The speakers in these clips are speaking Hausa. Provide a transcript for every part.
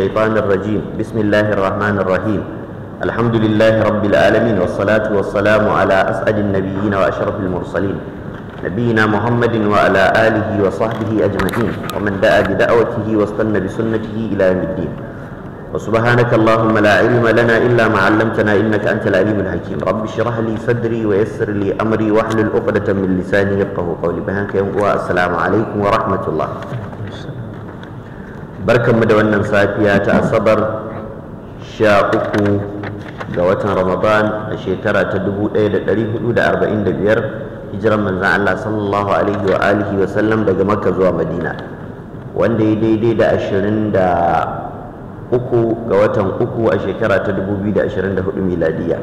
الشيطان الرجيم بسم الله الرحمن الرحيم الحمد لله رب العالمين والصلاة والسلام على أسعد النبيين وأشرف المرسلين نبينا محمد وعلى آله وصحبه أجمعين ومن دعا بدعوته واستنى بسنته إلى يوم الدين وسبحانك اللهم لا علم لنا إلا ما علمتنا إنك أنت العليم الحكيم رب اشرح لي صدري ويسر لي أمري واحلل عقدة من لساني يفقه قولي بهاك يوم السلام عليكم ورحمة الله barkanmu da wannan safiya ta asabar sha uku ga watan ramadan a shekara ta 1445 da ɗari da biyar hijiran manzan allah sallallahu alaihi wa alihi wa sallam daga makka zuwa madina wanda ya daidai da ashirin da ga watan uku a shekara ta 2024 miladiya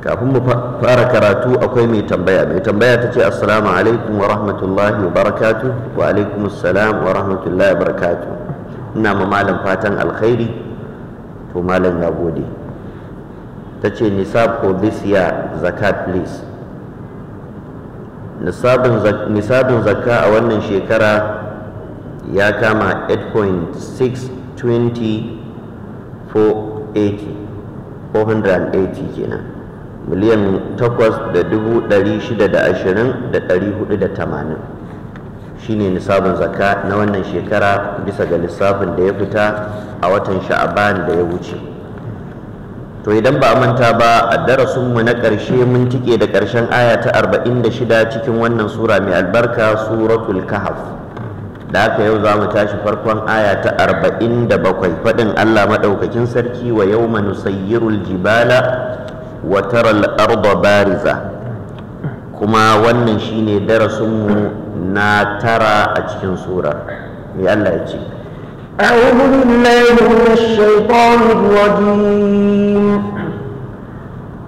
kafin mu fara karatu akwai mai tambaya mai tambaya ta ce assalamu alaikum wa rahmatullahi wa barakatu wa alaikum assalam wa rahmatullahi wa barakatu ina ma malam fatan alkhairi to malam ya gode ta ce nisab for this year zakat please nisabin zakka a wannan shekara ya kama 8.620 480 480 kenan miliyan takwas da dubu ɗari shida shi ne nisabin zaka na wannan shekara bisa ga lissafin da ya fita a watan sha'aban da ya wuce to idan ba a manta ba a darasinmu na ƙarshe mun cike da ƙarshen aya ta arba'in da shida cikin wannan sura mai albarka suratul kahaf da haka yau za mu tashi farkon aya ta arba'in da bakwai faɗin allah maɗaukakin sarki wa yau manusayirul jibala وترى الأرض بارزة كما kuma wannan shine نا ترى tara a يا الله أعوذ بالله من الشيطان الرجيم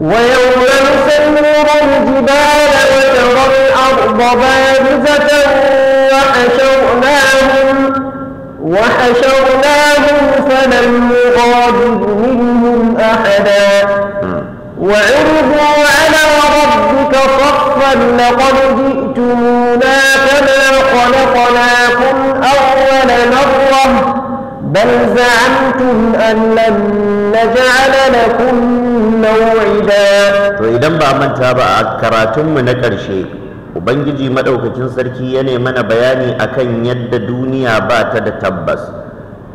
ويوم نسير الجبال وترى الأرض بارزة وحشرناهم وحشرناهم فلم نغادر منهم أحدا وعرضوا على ربك صفا لقد جئتمونا كما خلقناكم أول مرة بل زعمتم أن لن نجعل لكم موعدا فإذا idan ba manta ba a karatunmu na ƙarshe ubangiji maɗaukacin sarki ya ne mana bayani akan yadda duniya ba ta da tabbas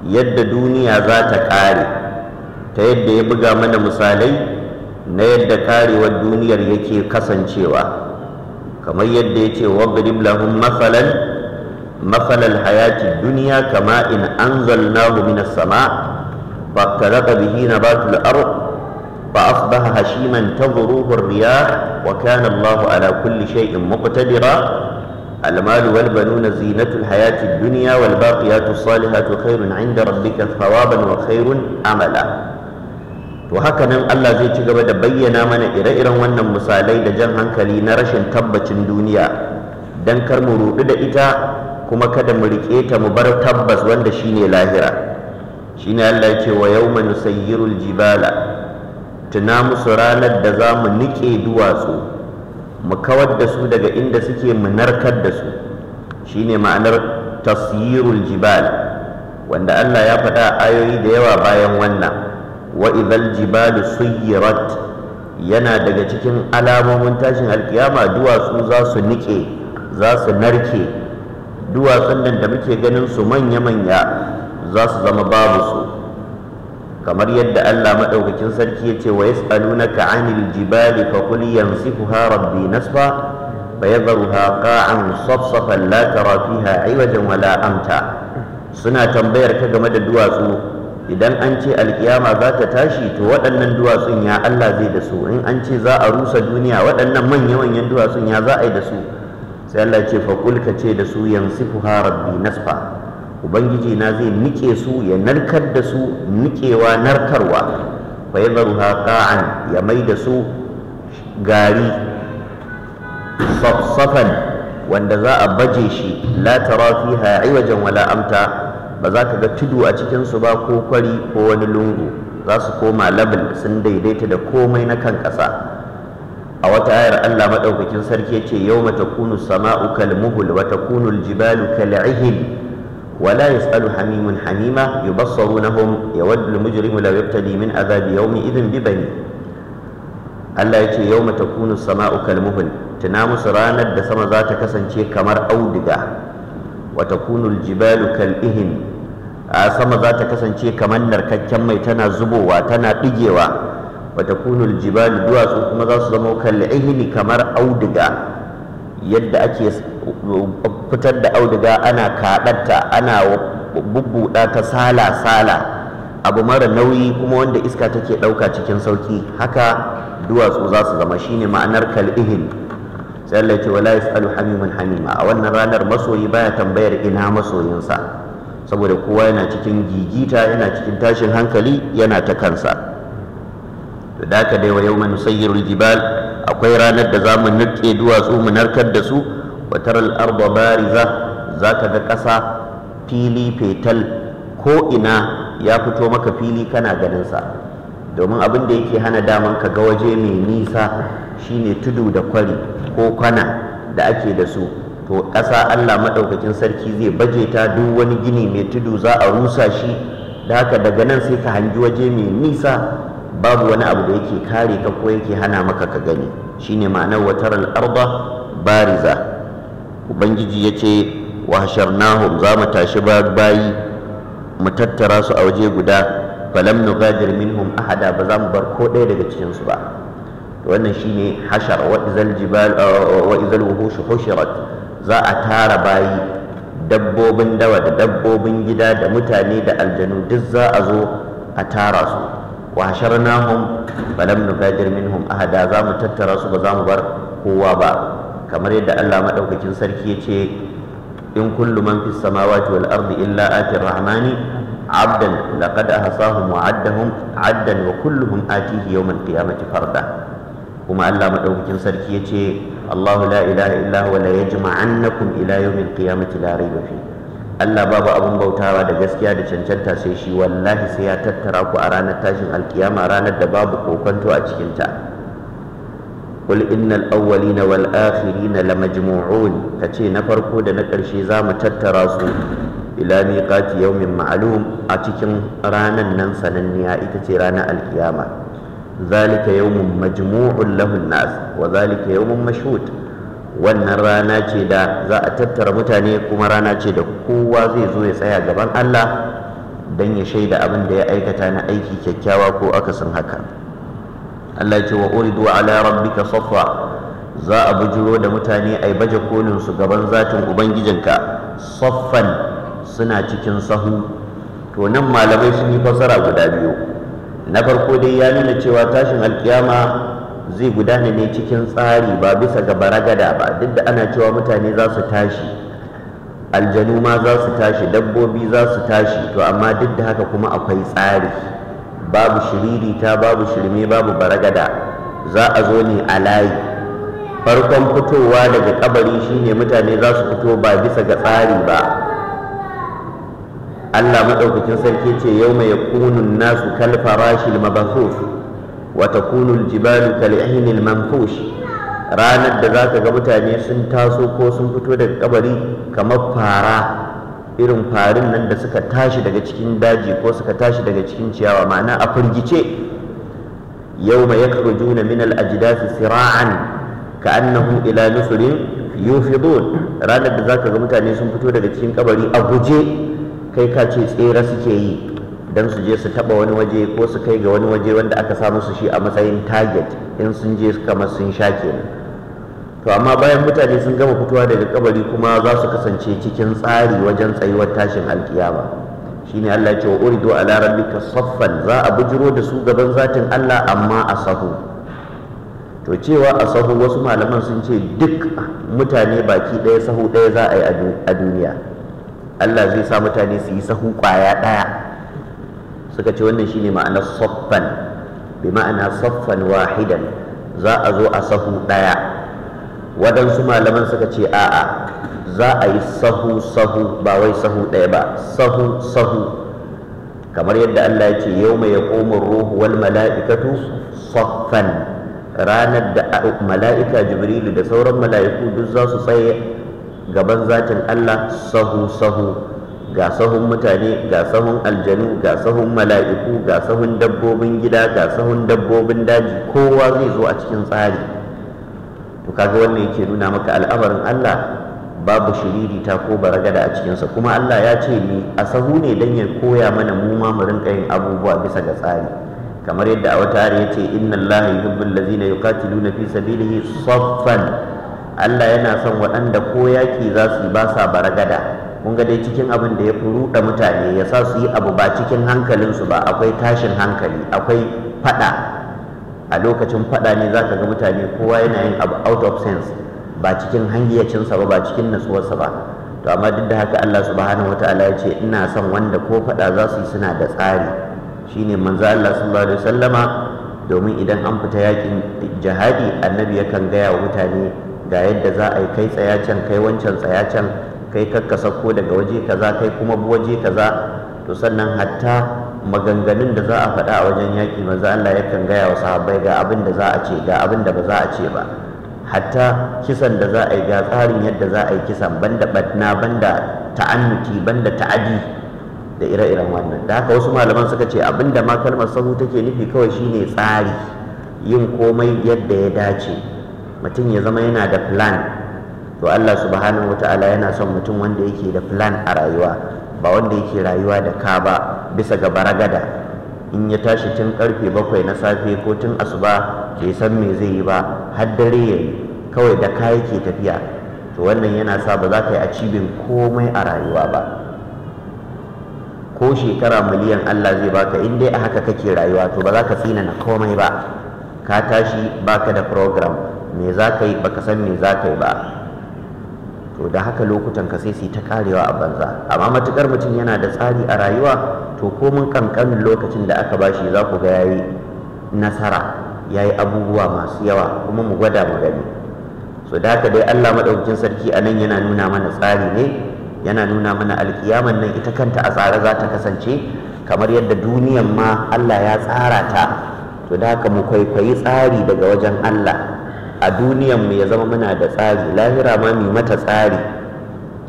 yadda duniya za ta ƙare ta yadda ya buga mana misalai na yadda karewar duniyar yake kasancewa kamar yadda yake ce wadrib lahum masalan masalal hayati dunya kama in anzalnahu minas sama فاختلط fa asbaha hashiman tadhruhu ar-riyah wa kana Allahu ala kulli shay'in muqtadira المال والبنون زينة الحياة الدنيا والباقيات الصالحات خير عند ربك ثوابا وخير أملا to haka nan Allah zai ci gaba da bayyana mana ire-iren wannan misalai da jan hankali na rashin tabbacin duniya don kar mu ruɗu da ita kuma kada mu riƙe ta mu bar tabbas wanda shine lahira shine Allah ya ce wa yawma nusayyirul jibala tuna musu ranar da za mu niƙe duwatsu mu kawar da su daga inda suke mu narkar da su shine ma'anar tasyirul jibal wanda Allah ya faɗa ayoyi da yawa bayan wannan wa idhal jibalu suyirat yana daga cikin alamomin tashin alkiyama duwatsu za su nike za su narke duwatsun nan da muke ganin su manya-manya za su zama babu su kamar yadda Allah maɗaukakin sarki ya ce wa yas'alunaka 'anil jibali fa qul yansifuha rabbi nasfa fayadharuha qa'an safsafan la tara fiha 'iwajan wala amta suna tambayar ka game da duwatsu idan an ce alkiyama za ta tashi to waɗannan duwatsun ya Allah zai da su in an ce za a rusa duniya waɗannan manya-manyan duwatsun ya za a yi da su sai Allah ce faƙul ce da su ku ha rabbi nasfa ubangiji na zai nike su ya narkar da su nikewa narkarwa fa zaru qa'an ya mai da su gari safsafan wanda za a baje shi la tara fiha iwajan wala amta ba za ka ga tudu a cikinsu ba ko kwari ko wani lungu za su koma labin sun daidaita da komai na kan ƙasa a wata ayar Allah maɗaukakin sarki ya ce yau mata kunu sama'u kalmuhul wata kunu jibalu kal'ihil ولا يسأل حميم حميمة يبصرونهم يود المجرم لو يبتدي من عذاب يومئذ ببني Allah ya ce yau mata kunu sama'u kalmuhul tuna musu ranar da sama za ta kasance kamar auduga watakunul jibalu kal ihin a sama za ta kasance kamar narkakken mai tana zubowa tana digewa wa jibalu duwatsu kuma za su zama kal ihini kamar auduga yadda ake fitar da auduga ana kaɗatta ana bubbuɗa ta sala-sala abu mara nauyi kuma wanda iska take ɗauka cikin sauki haka duwatsu za su zama shine ma'anar kal'ihin sai Allah ce wala yasalu hamimun hamima a wannan ranar masoyi baya tambayar ina masoyinsa saboda kowa yana cikin gigita yana cikin tashin hankali yana ta kansa to da ka dai wa yawma nusayyirul jibal akwai ranar da zamu nirke duwatsu mu narkar da su wa taral arda bariza zaka ga ƙasa fili fetal ko ina ya fito maka fili kana ganin sa domin abin da yake hana daman ka ga waje mai nisa shine tudu da kwari ko kwana da ake da su to ƙasa Allah maɗaukakin sarki zai baje ta duk wani gini mai tudu za a rusa shi da haka daga nan sai ka hangi waje mai nisa babu wani abu da yake kare ka ko yake hana maka ka gani shine ma'anar wataral al'arba bariza ubangiji ya ce wa za mu tashi bayi mu tattara su a waje guda falam nugadir minhum ahada ba za mu bar ko ɗaya daga cikin su ba wannan shine hashar wa izal jibal uh, wa izal wuhush hushirat za a tara bayi dabbobin dawa da dabbobin gida da mutane da aljanu duk za a zo a tara su wa hasharnahum falam nugadir minhum ahada za mu tattara su ba za mu bar kowa ba kamar yadda Allah madaukakin sarki yace ce in kullu man fis samawati wal ardi illa atir rahmani عبدا لقد أحصاهم وعدهم عدا وكلهم آتيه يوم القيامة فردا كما ألا ce Allahu الله لا إله إلا هو لا يجمعنكم إلى يوم القيامة لا ريب فيه Allah babu abin bautawa da gaskiya da cancanta sai shi wallahi sai ya tattara ku a ranar tashin alkiyama ranar da babu kokonto a cikinta qul innal awwalina wal akhirina lamajmu'un kace na farko da na ƙarshe za mu tattara su ila miqati yawmin ma'lum a cikin ranan nan sananniya ita ce ranar alkiyama zalika yawmun majmu'un lahun nas wa zalika yawmun mashhud wannan rana ce da za a tattara mutane kuma rana ce da kowa zai zo ya tsaya gaban Allah don ya shaida abin da ya aikata na aiki kyakkyawa ko akasin haka Allah ce wa uridu ala rabbika saffa za a bujuro da mutane ai baje kolin su gaban zatin ubangijinka saffan suna cikin sahu to nan malamai sun yi fassara guda biyu na farko dai ya nuna cewa tashin alkiyama zai gudana ne cikin tsari ba bisa ga baragada ba duk da ana cewa mutane za su tashi aljanu ma za su tashi dabbobi za su tashi to amma duk da haka kuma akwai tsari babu ta, babu shirme babu baragada za a zo ne a layi farkon fitowa daga kabari shine mutane za su fito ba bisa ga tsari ba Allah maɗaukakin sarki ce yau mai yakunun nasu kal farashil mabathuf wa takunu jibalu kal ihnil manfush ranar da ka ga mutane sun taso ko sun fito daga kabari kamar fara irin farin nan da suka tashi daga cikin daji ko suka tashi daga cikin ciyawa ma'ana a firgice yau mai juna min al-ajdasi ka ka'annahum ila nusurin yufidun ranar da ka ga mutane sun fito daga cikin kabari a guje kai ka ce tsere suke yi don su je su taba wani waje ko su kai ga wani waje wanda aka samu su shi a matsayin target in sun je kamar sun sha kenan to amma bayan mutane sun gama fitowa daga kabari kuma za su kasance cikin tsari wajen tsayuwar tashin alkiyama shine Allah ya ce wa uridu ala rabbika saffan za a bujiro da su gaban zatin Allah amma a sahu to cewa a sahu wasu malaman sun ce duk mutane baki ɗaya sahu ɗaya za a yi a duniya Allah zai sa mutane su yi sahu kwaya ɗaya suka ce wannan shine ma'anar saffan bi ma'ana saffan wahidan za a zo a sahu ɗaya waɗansu malaman suka ce a'a za a yi sahu sahu ba wai sahu ɗaya ba sahu sahu kamar yadda Allah ya ce yau mai ya koma ruhu wal mala'ikatu saffan ranar da mala'ika jibrilu da sauran mala'iku duk za su tsaye gaban zatin Allah sahu sahu ga sahun mutane ga sahun aljanu ga sahun mala'iku ga sahun dabbobin gida ga sahun dabbobin daji kowa zai zo a cikin tsari to kaga wannan yake nuna maka al'amarin Allah babu ta ko baragada a cikinsa kuma Allah ya ce ni a sahu ne dan ya koya mana mu ma mu rinka yin abubuwa bisa ga tsari kamar yadda a wata ya ce inna Allah yuhibbul ladina yuqatiluna fi sabilihi saffan Allah yana son waɗanda ko yaƙi za su yi ba baragada mun ga dai cikin abin da ya fi ruɗa mutane ya sa su yi abu ba cikin hankalinsu ba akwai tashin hankali akwai faɗa a lokacin faɗa ne za ka ga mutane kowa yana yin abu out of sense ba cikin hangiyacinsa ba ba cikin natsuwarsa ba to amma duk da haka Allah subhanahu wataala ya ce ina son wanda ko faɗa za su yi suna da tsari shine manza Allah sallallahu alaihi wasallama domin idan an fita yakin jihadi annabi yakan gaya wa mutane ga yadda za a yi kai tsaya kai wancan tsaya can kai kakka ko daga waje kaza kai kuma waje kaza to sannan hatta maganganun da za a faɗa a wajen yaƙi manzo Allah yakan gaya wa sahabbai ga abin da za a ce ga abin da ba za a ce ba hatta kisan da za a yi ga tsarin yadda za a yi kisan banda batna banda ta'annuti banda ta'adi da ire-iren wannan da haka wasu malaman suka ce abin da ma kalmar sahu take nufi kawai shine tsari yin komai yadda ya dace mutum ya zama yana da plan to Allah subhanahu wata'ala yana son mutum wanda yake da plan a rayuwa ba wanda yake rayuwa da ka ba bisa ga baragada in ya tashi tun karfe bakwai na safe ko tun asuba bai san me zai yi ba har dare ya yi kawai da ka yake tafiya to wannan yana sa ba za ka yi a cibin komai a rayuwa ba ko shekara miliyan Allah zai baka in dai a haka kake rayuwa to ba za ka tsina na komai ba ka tashi baka da program me za ka yi baka san me za ka yi ba to da haka lokutan ka sai su ta karewa a banza amma matukar mutum yana da tsari a rayuwa to ko mun kankanin lokacin da aka bashi za ku ga yayi nasara yayi abubuwa masu yawa kuma mu gwada mu gani so da haka dai Allah madaukakin sarki anan yana nuna mana tsari ne yana nuna mana alkiyaman nan ita kanta a tsare za ta kasance kamar yadda duniyan ma Allah ya tsara ta to da haka mu kwaikwayi tsari daga wajen Allah a duniyan mu ya zama muna da tsari lahira ma mu mata tsari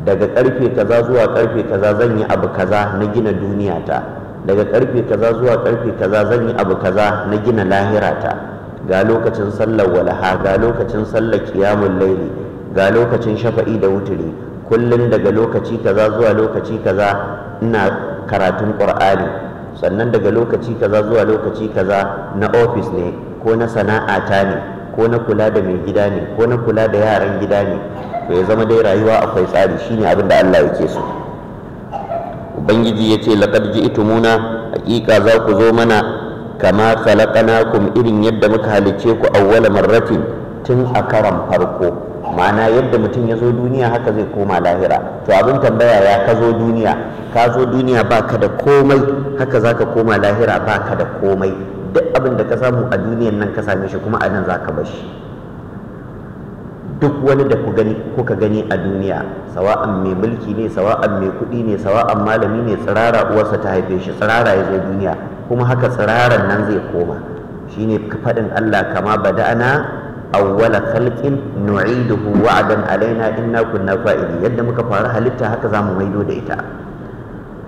daga karfe kaza zuwa karfe kaza zan yi abu kaza na gina duniya ta daga karfe kaza zuwa karfe kaza zan yi abu kaza na gina lahira ta ga lokacin sallar walaha ga lokacin sallar kiyamun laili ga lokacin shafa'i da wuturi kullum daga lokaci kaza zuwa lokaci kaza ina karatun qur'ani sannan daga lokaci kaza zuwa lokaci kaza na ofis ne ko na sana'ata ne ko na kula da mai gida ne ko na kula da yaran gida ne to ya zama dai rayuwa akwai tsari shine abin da Allah yake so ubangiji ya ce laqad ji'tumuna haƙiƙa za ku zo mana kama khalaqnakum irin yadda muka halice ku awwala marratin tun a karan farko ma'ana yadda mutum ya zo duniya haka zai koma lahira to abin tambaya ya ka zo duniya ka zo duniya ba ka da komai haka za ka koma lahira ba ka da komai duk abin da ka samu a duniyan nan ka same shi kuma a nan za ka bashi duk wani da ku gani kuka gani a duniya sawa'an mai mulki ne sawa'an mai kuɗi ne sawa'an malami ne tsirara uwarsa ta haife shi tsirara ya zo duniya kuma haka tsiraran nan zai koma shine faɗin Allah kama bada'ana awwal khalqin nu'iduhu wa'adan alaina inna kunna fa'ili yadda muka fara halitta haka zamu maido da ita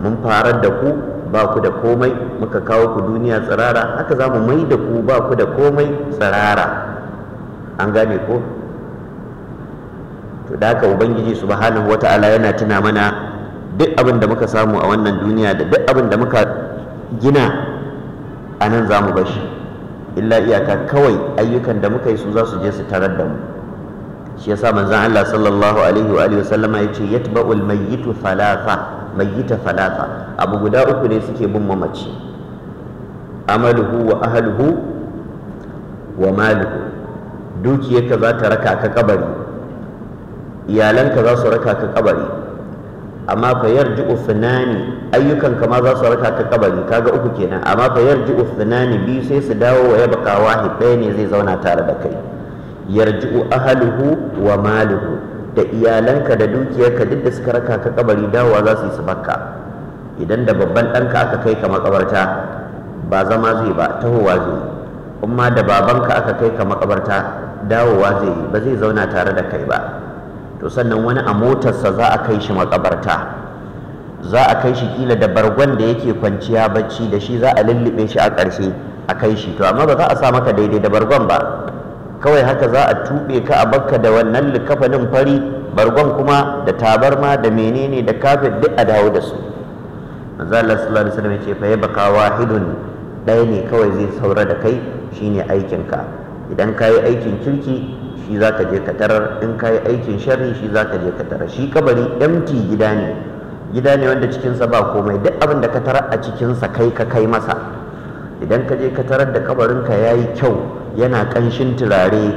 mun farar da ku ba ku da komai muka kawo ku duniya tsirara haka za mu mai da ku ba ku da komai tsirara an gane ko to da haka ubangiji subhanahu wata'ala yana tuna mana duk abin da muka samu a wannan duniya da duk abin da muka gina a nan za mu bashi illa iyaka kawai ayyukan da muka yi su za su je su tarar da mu shi yasa manzon Allah sallallahu alaihi wa alihi wasallama yace yatba'ul mayyitu thalatha mayyita falata abu guda uku ne suke bin mamaci amaluhu wa ahluhu wa maluhu dukiyarka za ta raka ka kabari iyalanka za su raka ka kabari amma fa yarji finani ayyukan kama za su raka ka kabari kaga uku kenan amma fa yarji finani bi sai su dawo wa yabqa wahid ɗaya ne zai zauna tare da kai yarji ahluhu wa maluhu da iyalanka da dukiyarka duk da suka raka ka kabari dawowa za su yi su bakka idan da babban ɗanka aka kai ka makabarta ba zama zai ba tahowa zai yi umma da babanka aka kai ka makabarta dawowa zai yi ba zai zauna tare da kai ba to sannan wani a motarsa za a kai shi makabarta za a kai shi kila da bargon da yake kwanciya bacci da shi za a lullube shi a ƙarshe a kai shi to amma ba za a sa maka daidai da bargon ba kawai haka za a tuɓe ka a bakka da wannan likafanin fari bargon kuma da tabarma da menene da kafin duk a dawo da su manzo Allah sallallahu alaihi wasallam ce fa ya baka wahidun dai ne kawai zai saura da kai shine aikin ka idan kayi aikin kirki shi zaka je ka tarar in kayi aikin sharri shi zaka je ka tarar shi kabari empty gida ne gida ne wanda cikinsa ba komai duk abin da ka tarar a cikinsa kai ka kai masa idan ka je ka tarar da kabarinka yayi kyau yana ƙanshin turare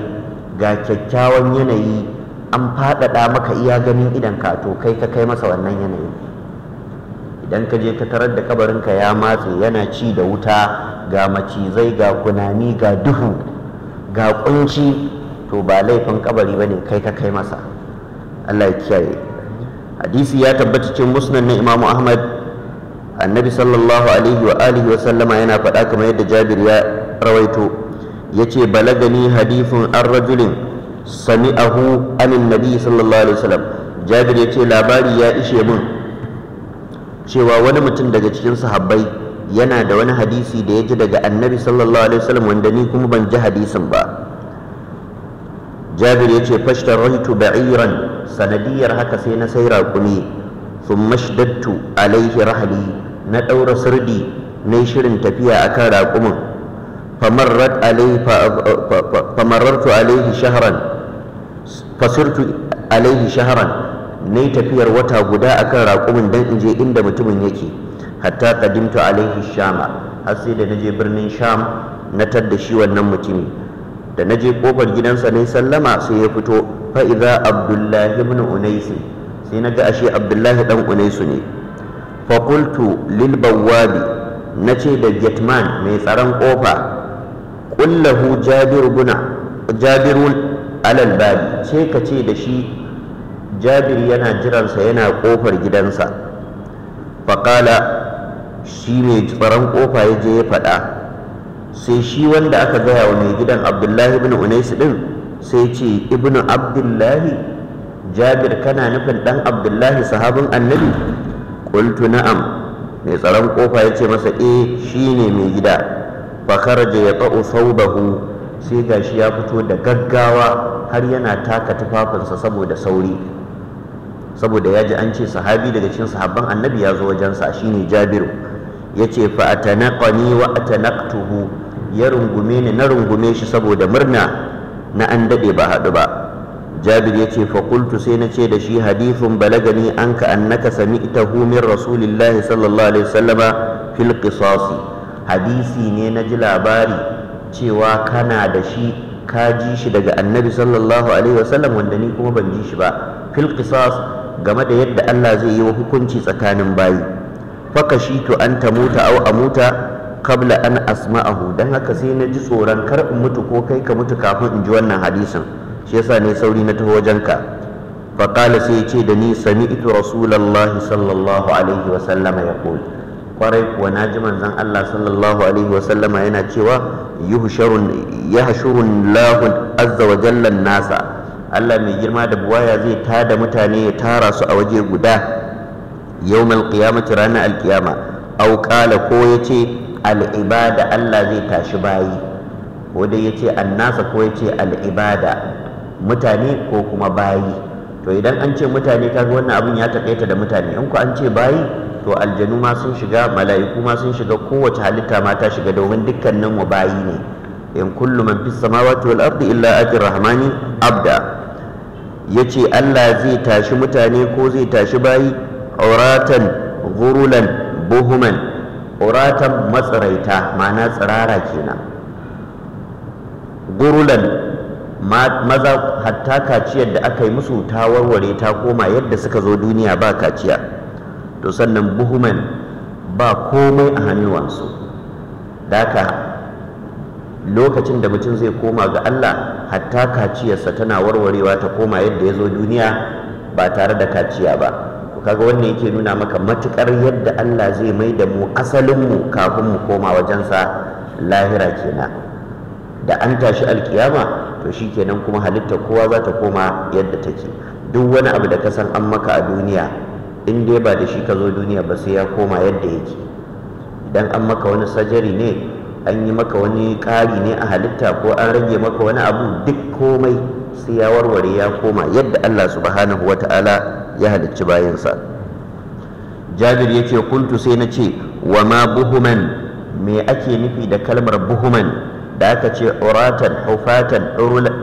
ga kyakkyawan yanayi an faɗaɗa maka iya ganin idan ka to kai ka kai masa wannan yanayi idan ka je ka tarar da ka ya matse yana ci da wuta ga macizai ga kunani ga duhu ga kunci to ba laifin kabari ba ne kai ka kai masa allah ya kiyaye hadisi ya tabbata cikin musnan na imamu ahmad annabi sallallahu alaihi wa alihi wa sallama yana faɗa kamar yadda jabir ya rawaito yace balagani hadithun an rajulin sami'ahu anin nabi sallallahu alaihi wasallam jabir yace labari ya ishe min cewa wani mutum daga cikin sahabbai yana da wani hadisi da ya ji daga annabi sallallahu alaihi wasallam wanda ni kuma ban ji hadisin ba jabir yace fashtaraitu ba'iran sanadiyar haka sai na sai raƙumi thumma a alaihi rahali, na ɗaura sirdi na shirin tafiya akan raƙumin فمرت عليه فمررت عليه شهرا فصرت عليه شهرا ني تفير وتا غدا akan raƙumin inje inda mutumin yake hatta kadimta alaihi shama har sai da naje birnin sham na da shi wannan mutumi da naje kofar gidansa ne sallama sai ya fito fa'iza abdullahi ibn Unaisu sai ga ashe abdullahi dan unaisu ne fakultu qultu lil bawwabi nace da getman mai tsaron kofa kullahu jabir guna jabirun alal babi sai ka ce da shi jabir yana jiransa yana kofar gidansa faƙala shi ne tsaron kofa ya je ya faɗa sai shi wanda aka gaya wa mai gidan abdullahi ibn unais din sai ce Ibn abdullahi jabir kana nufin dan abdullahi sahabin annabi qultu na'am mai tsaron kofa ya ce masa eh ne mai gida fakaraja ya ba'u saubahu sai gashi ya fito da gaggawa har yana taka tufafinsa saboda sauri saboda ya ji an ce sahabi daga cikin sahabban annabi ya zo wajensa shine jabiru ya ce fa atanaqani wa atanaqtuhu ya rungume ni na rungume shi saboda murna na an daɗe ba haɗu ba jabir ya ce fa qultu sai na ce da shi hadithun balagani anka annaka sami'tahu min rasulillahi sallallahu alaihi wasallama fil qisasi hadisi ne na ji labari cewa kana da shi ka ji shi daga annabi sallallahu alaihi wasallam wanda ni kuma ban ji shi ba fil qisas game da yadda Allah zai yi wa hukunci tsakanin bayi Faka shi to an ta au a amuta kabla an asma'ahu dan haka sai na ji tsoron kar in mutu ko kai ka mutu kafin in ji wannan hadisin shi yasa ne sauri na taho wajen ka fa qala sai ce da ni sami'tu rasulullahi sallallahu alaihi wasallam yaqul kwarai kuwa na ji manzon Allah sallallahu alaihi wa yana cewa yuhsharun yahshurun lahu azza wa jallan nasa Allah mai girma da buwaya zai tada mutane ya tara su a waje guda yawmal qiyamati ranar alkiyama au kala ko ya yace al'ibada Allah zai tashi bayi ko dai an nasa, ko ya yace al'ibada mutane ko kuma bayi to idan an ce mutane kaga wannan abin ya taƙaita da mutane in ku an ce bayi to aljanu ma sun shiga mala'iku ma sun shiga kowace halitta ma ta shiga domin dukkanin mu bayi ne in kullu man fis samawati wal ardi illa atir rahmani abda yace Allah zai tashi mutane ko zai tashi bayi auratan gurulan buhuman auratan matsaraita ma'ana tsirara kenan gurulan maza hatta kaciyar da aka yi musu ta warware ta koma yadda suka zo duniya ba kaciya to sannan buhuman ba komai a hannuwansu ka lokacin da mutum zai koma ga Allah hatta kaciyarsa tana warwarewa ta koma yadda ya zo duniya ba tare da kaciya ba kaga wannan yake nuna maka matukar yadda Allah zai mai da mu asalinmu kafin mu koma wajensa lahira kenan da an tashi alkiyama to shikenan kuma halitta kowa za ta koma yadda take duk wani abu da ka san an maka a duniya in dai ba da shi ka zo duniya ba sai ya koma yadda yake idan an maka wani sajari ne an yi maka wani ƙari ne a halitta ko an rage maka wani abu duk komai sai ya warware ya koma yadda Allah subhanahu wa ta'ala ya halicci bayansa jabir ya ce kuntu sai na ce wa ma buhuman me ake nufi da kalmar buhuman da aka ce uratan hufatan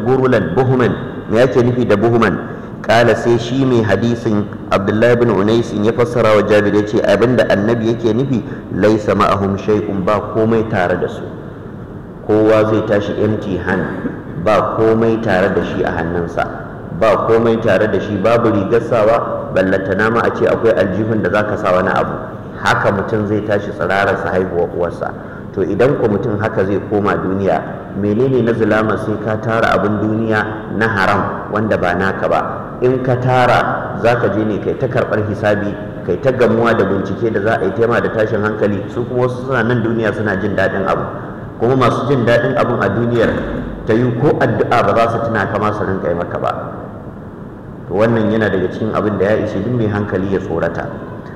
gurulan buhuman me yake nufi da buhuman ƙala sai shi mai hadisin abdullahi bin Unaisin ya fassara wa jabir ya ce abinda annabi yake nufi laisa ma'ahum shay'un ba komai tare da su kowa zai tashi empty hand ba komai tare da shi a hannunsa ba komai tare da shi babu rigar sawa nama nama a ce akwai aljihun da zaka sa wani abu haka mutum zai tashi tsirarar sa haihuwa uwarsa to idan ku mutum haka zai koma duniya menene na zulama sai ka tara abin duniya na haram wanda ba naka ba in ka tara za ka je ne kai ta karɓar hisabi kai ta gamuwa da bincike da za a yi tema da tashin hankali su kuma wasu suna nan duniya suna jin daɗin abu kuma masu jin daɗin abin a duniyar ta yi ko addu'a ba za su tuna kama su rinka yi maka ba to wannan yana daga cikin abin da ya ishe duk mai hankali ya tsorata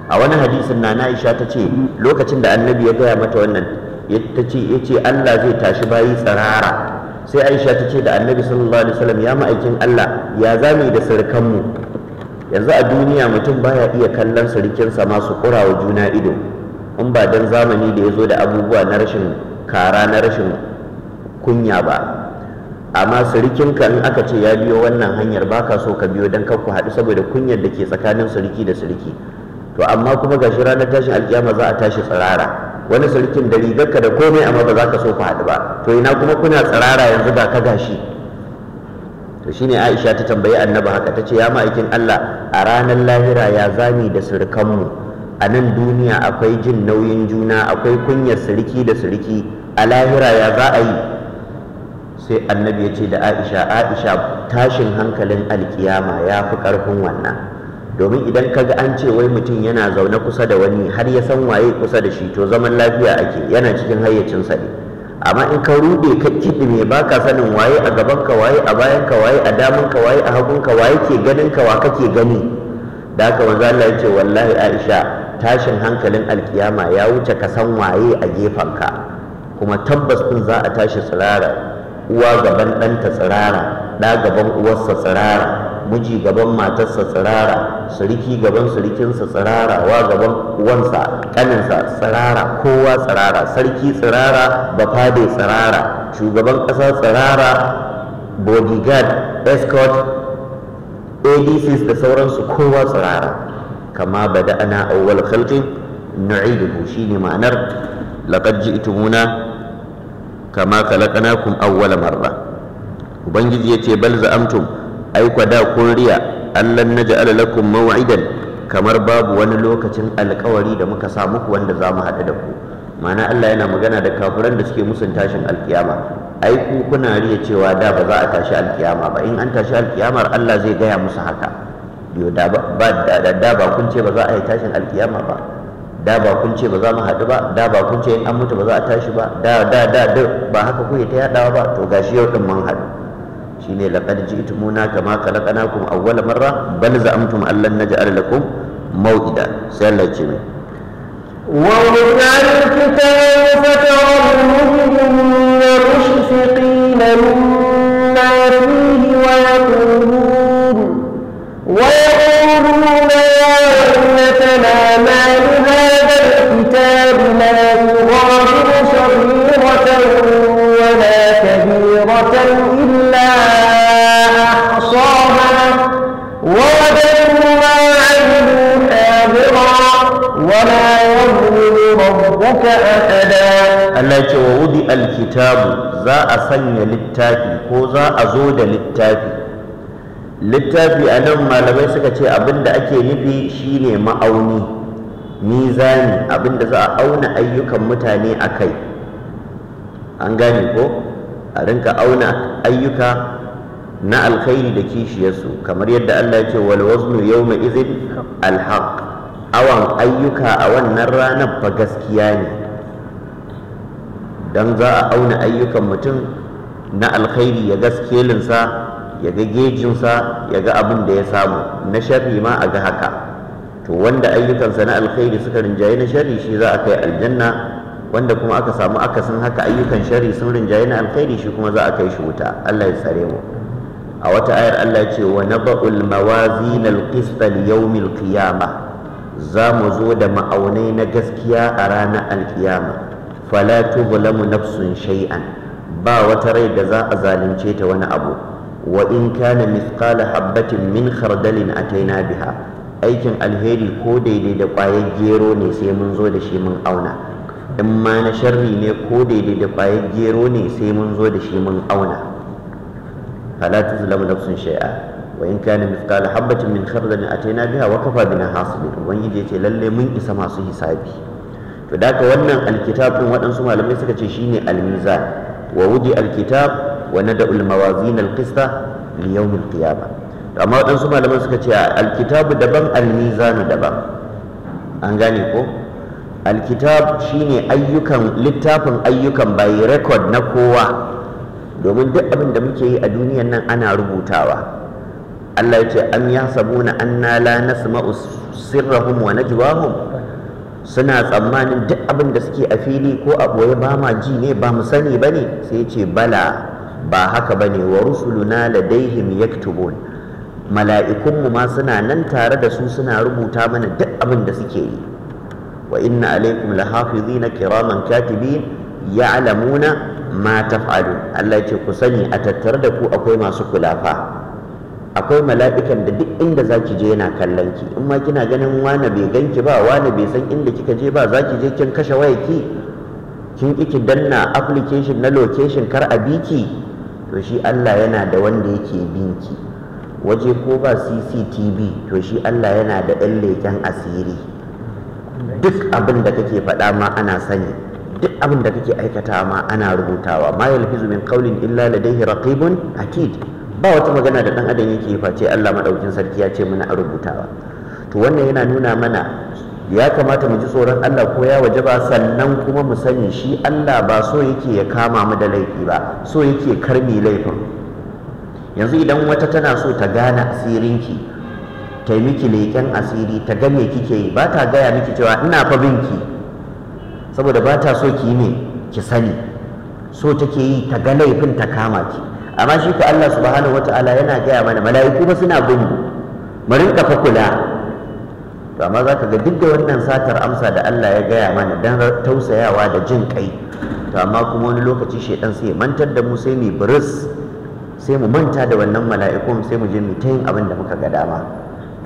a wani hadisin na na ta ce lokacin da annabi ya gaya mata wannan ta ce ya ce Allah zai tashi bayi tsirara sai Aisha ta ce da annabi sallallahu alaihi wasallam ya ma'aikin Allah ya zame da sarkanmu yanzu a duniya mutum baya iya kallon sa masu kurawa juna ido in ba don zamani da ya zo da abubuwa na rashin kara na rashin kunya ba amma surikinka in aka ce ya biyo wannan hanyar baka so ka biyo don ku haɗu saboda kunyar da ke tsakanin siriki da siriki to amma kuma gashi ranar tashin alkiyama za a tashi tsirara wani sarkin da rigarka da komai amma ba za ka so ku haɗu ba to ina kuma kuna tsirara yanzu ga ka gashi to shine Aisha ta tambayi Annabi haka ta ce ya ma'aikin Allah a ranar lahira ya zami da surukanmu a nan duniya akwai jin nauyin juna akwai kunyar siriki da siriki a lahira ya za a yi sai annabi ya ce da aisha aisha tashin hankalin alkiyama ya fi ƙarfin wannan domin idan kaga an ce wai mutum yana zaune kusa da wani har ya san waye kusa da shi to zaman lafiya ake yana cikin hayyacinsa ne amma in ka rude ka kidime ba ka sanin waye a gaban ka waye a bayan ka waye a daman ka waye a hagun ka waye ke ganin ka wa kake gani da haka manzo Allah ya ce wallahi Aisha tashin hankalin alkiyama ya wuce ka san waye a gefen ka kuma tabbas din za a tashi tsirara uwa gaban ɗanta tsirara ɗa gaban uwarsa tsirara miji gaban matarsa tsirara suriki gaban surikinsa tsirara wa gaban uwansa kaninsa tsirara kowa tsirara sarki tsirara bafade tsirara shugaban ƙasa tsirara bodyguard escort adcs da sauransu kowa tsirara kama bada ana awwal khalqin shi ne ma'anar laqad ji'tumuna kama khalaqnakum awwala marra ubangiji yace bal za'amtum ai da kun riya allan ja'ala lakum maw'idan kamar babu wani lokacin alkawari da muka sa muku wanda za mu haɗu da ku ma'ana Allah yana magana da kafiran da suke musun tashin alkiyama ai ku kuna riya cewa da ba za a tashi alkiyama ba in an tashi alkiyamar Allah zai gaya musu haka da ba da ba kun ce ba za a yi tashin alkiyama ba da ba kun ce ba za mu haɗu ba da ba kun ce in an mutu ba za a tashi ba da da da ba haka kuke ta yaɗawa ba to gashi yau ɗin mun haɗu shine لقد جئتمونا كما خلقناكم أول مرة بل زعمتم أن لن نجعل لكم sai Allah ya ce mai ووضع الكتاب فترى المؤمنين مشفقين مما فيه ويقولون ويقولون يا ويلتنا ما لهذا الكتاب لا يغادر صغيرة ولا كبيرة إلا rabbuka ahada Allah ya ce wa wudi alkitabu za a sanya littafi ko za a zo da littafi littafi a nan malamai suka ce abin da ake nufi shine ma'auni mizani abin da za a auna ayyukan mutane akai. kai an gane ko a rinka auna ayyuka na alkhairi da kishiyarsu kamar yadda Allah ya ce wal waznu yawma idhin al awan ayyuka a wannan ranar fa gaskiya ne don za a auna ayyukan mutum na alkhairi ya ga skelinsa ya ga gejinsa ya ga abin da ya samu na sharri ma a ga haka to wanda ayyukansa na alkhairi suka rinjaye na sharri shi za a kai aljanna wanda kuma aka samu akasin haka ayyukan sharri sun rinjaye na alkhairi shi kuma za a kai shi wuta Allah ya tsare mu a wata ayar Allah ya ce wa naba'ul mawazin al-qist li yawmil qiyamah za mu zo da ma'aunai na gaskiya a ranar alkiyama falatu bulamu nafsun shay'an ba wata rai da za a zalunce ta wani abu wa in kana mithqala habbatin min khardalin ataina biha aikin alheri ko daidai da ƙwayar gero ne sai mun zo da shi mun auna in ma na sharri ne ko daidai da ƙwayar gero ne sai mun zo da shi mun auna fala tuzlamu nafsun shai'a. wa in kana mithqala habatin min khardalin ataina biha wa kafa bina hasibin ubangiji yace lalle mun isa masu hisabi to da wannan alkitab din waɗansu malamai suka ce shine almizan wa wuji alkitab wa nada'ul mawazin alqista li yawm alqiyamah to amma waɗansu malamai suka ce alkitabu daban almizan daban an gane ko alkitab shine ayyukan littafin ayyukan bai record na kowa domin duk abin da muke yi a duniyan nan ana rubutawa Allah ya ce am yasabuna anna la nasma'u sirrahum wa najwahum suna tsammanin duk abin da suke a fili ko a boye ba ma ji ne ba mu sani ne? sai ce bala ba haka ne wa rusuluna ladaihim yaktubun mala'ikunmu ma suna nan tare da su suna rubuta mana duk abin da suke yi wa inna alaikum lahafizina kiraman katibin ya'lamuna ma taf'alun Allah ya ce ku sani a tattare da ku akwai masu kulafa akwai mala'ikan da duk inda za ki je yana kallon ki in ma kina ganin wane bai ganki ba wane bai san inda kika je ba za ki je kin kashe waya ki kin ki danna application na location kar a biki to shi Allah yana da wanda yake binki waje ko ba CCTV to shi Allah yana da ɗan leken asiri duk abin da kake faɗa ma ana sani duk abin da kake aikata ma ana rubutawa ma yalfizu min qawlin illa ladayhi raqibun atid ba wata magana da dan adam yake face Allah maɗaukin sarki ya ce mana a rubutawa to wannan yana nuna mana ya kamata mu ji tsoron Allah ko ya wajaba sannan kuma mu sani shi Allah ba so yake ya kama mu da laifi ba so yake karmi laifin yanzu idan wata tana so ta gane asirinki ta yi miki leken asiri ta gane kike yi ba ta gaya miki cewa ina fa binki saboda ba ta so ki ne ki sani so take yi ta ga laifin ta kama ki amma shi ko Allah subhanahu ta'ala yana gaya mana mala'iku ba suna bin mu rinka fa kula to amma za ka ga duk da wannan satar amsa da Allah ya gaya mana dan tausayawa da jin kai to amma kuma wani lokaci shedan sai mantar da mu sai mu buris sai mu manta da wannan mala'ikun sai mu je mu ta yin abin da muka ga dama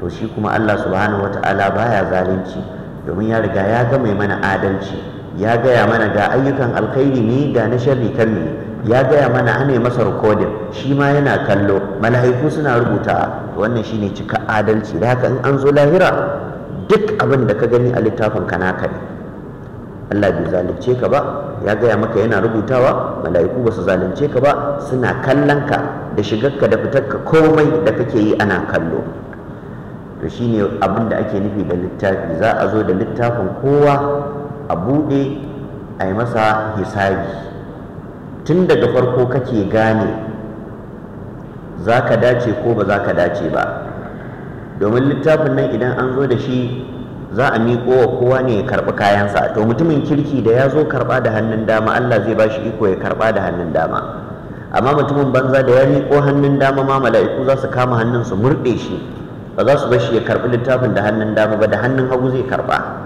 to shi kuma Allah subhanahu ta'ala baya zalunci domin ya riga ya ga mai mana adalci ya gaya mana ga ayyukan alkhairi ne da na sharri kan ne ya gaya mana ana masa rikodin shi ma yana kallo mala'iku suna rubuta wannan shine cika adalci da haka in an zo lahira duk abin da ka gani a littafin ka naka ne Allah bai zalunce ka ba ya gaya maka yana rubutawa mala'iku ba su zalunce ka ba suna kallon ka da shigarka da fitarka komai da kake yi ana kallo to shine abin da ake nufi da littafi za a zo da littafin kowa a buɗe a yi masa hisabi tun daga farko kake gane za ka dace ko ba za ka dace ba domin littafin nan idan an zo da shi za a miƙo wa kowa ne ya karɓi kayansa to mutumin kirki da ya zo karɓa da hannun dama Allah zai ba shi iko ya karɓa da hannun dama amma mutumin banza da ya miƙo hannun dama ma mala'iku za su kama hannun su murɗe shi ba za su bar shi ya karɓi littafin da hannun dama ba da hannun hagu zai karɓa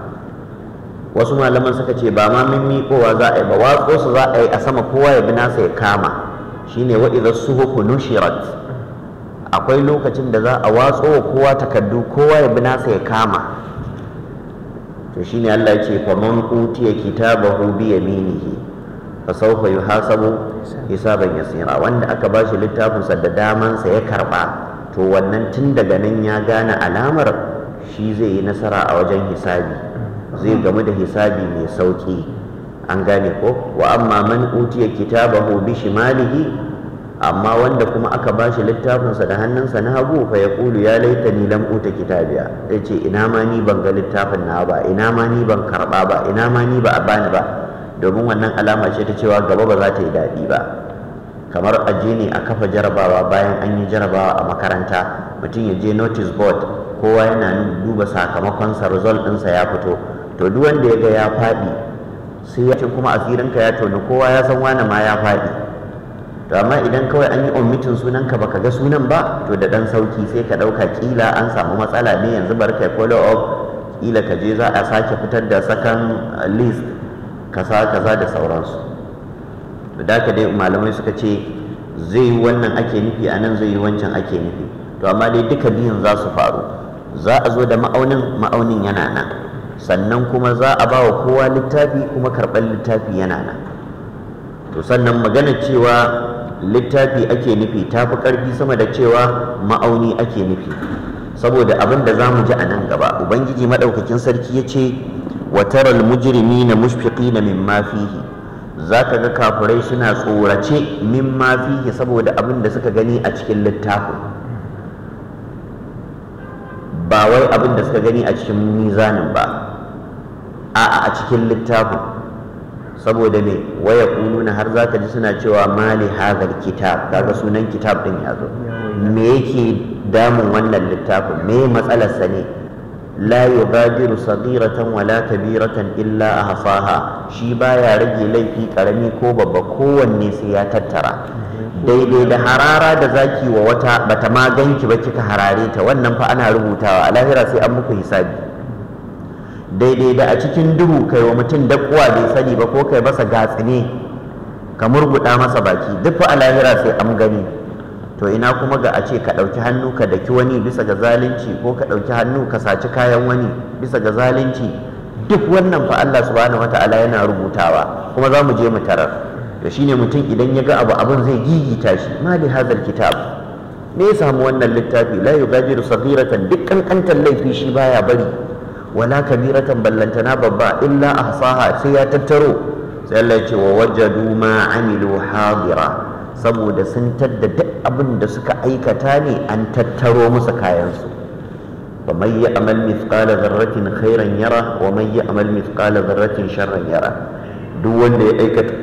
wasu malaman suka ce ba ma miƙowa za a yi ba watso su za a yi a sama kowa ya bi nasa ya kama shine wa idza suhufu nushirat akwai lokacin da za a watso wa kowa takardu kowa ya bi nasa ya kama to shine Allah ce fa man utiya kitabahu bi yaminihi fa sawfa yuhasabu hisaban yasira wanda aka bashi littafin sa da daman sa ya karba to wannan tun daga nan ya gane alamar shi zai yi nasara a wajen hisabi zai gamu da hisabi mai sauki an gane ko wa amma man utiya kitabahu bi shimalihi amma wanda kuma aka bashi littafinsa da hannunsa na hagu fa ya kulu ya ni lam uta kitabiya zai ce ina ma ni ban ga littafin na ba ina ma ni ban karba ba ina ma ni ba a bani ba domin wannan alama ce ta cewa gaba ba za ta yi daɗi ba kamar aje ne a kafa jarabawa bayan an yi jarabawa a makaranta mutum ya je notice board kowa yana duba sakamakonsa result ɗinsa ya fito to duk wanda ya ga ya faɗi sai ya ce kuma asirinka ya toni kowa ya san wani ma ya faɗi to amma idan kawai an yi omitin sunan ka baka ga sunan ba to da dan sauki sai ka ɗauka kila an samu matsala ne yanzu bar kai follow up kila ka je za a sake fitar da sakan list kasa kaza da sauransu to da dai malamai suka ce zai yi wannan ake nufi a nan zai yi wancan ake nufi to amma dai duka biyun za su faru za a zo da ma'aunin ma'aunin yana nan sannan kuma za a ba wa kowa littafi kuma karɓar littafi yana nan to sannan magana cewa littafi ake nufi ta fi ƙarfi sama da cewa ma'auni ake nufi saboda abin da za mu ji a nan gaba ubangiji maɗaukakin sarki ya ce wataral mujirimi na mushfiki na mimma fihi za ka ga kafurai suna tsorace mimma fihi saboda abin da suka gani a cikin littafin ba wai abin da suka gani a cikin mizanin ba a'a a cikin littafin saboda me waya kununa har za ka ji suna cewa mali hazar kitab kaga sunan kitab din ya zo me yake damun wannan littafin me matsalarsa ne la yughadiru saghiratan wala kabiratan illa ahsaha shi baya rage laifi karami ko babba kowanne sai ya tattara daidai da harara da zaki wa wata bata ma ganki ba kika harare ta wannan fa ana rubutawa a lahira sai an muku hisabi daidai da a cikin duhu kai wa mutum dakuwa bai sani ba ko kai masa gatsine ka murguɗa masa baki duk fa a sai an gani to ina kuma ga a ce ka ɗauki hannu ka daki wani bisa ga zalunci ko ka ɗauki hannu ka saci kayan wani bisa ga zalunci duk wannan fa Allah subhanahu wata'ala yana rubutawa kuma za mu je mu tarar to shine mutum idan ya ga abu abin zai gigita shi ma li hadal kitab me ya samu wannan littafi la yugadiru saghiratan duk kankantar laifi shi baya bari wala kabiratan ballantana babba illa ahsaha sai ya tattaro sai Allah ya ce wa wajadu ma amilu hadira saboda sun tadda duk abin da suka aikata ne an tattaro musu kayansu wa man ya'mal mithqala dharratin khairan yara wa man ya'mal mithqala dharratin sharran yara duk wanda ya aikata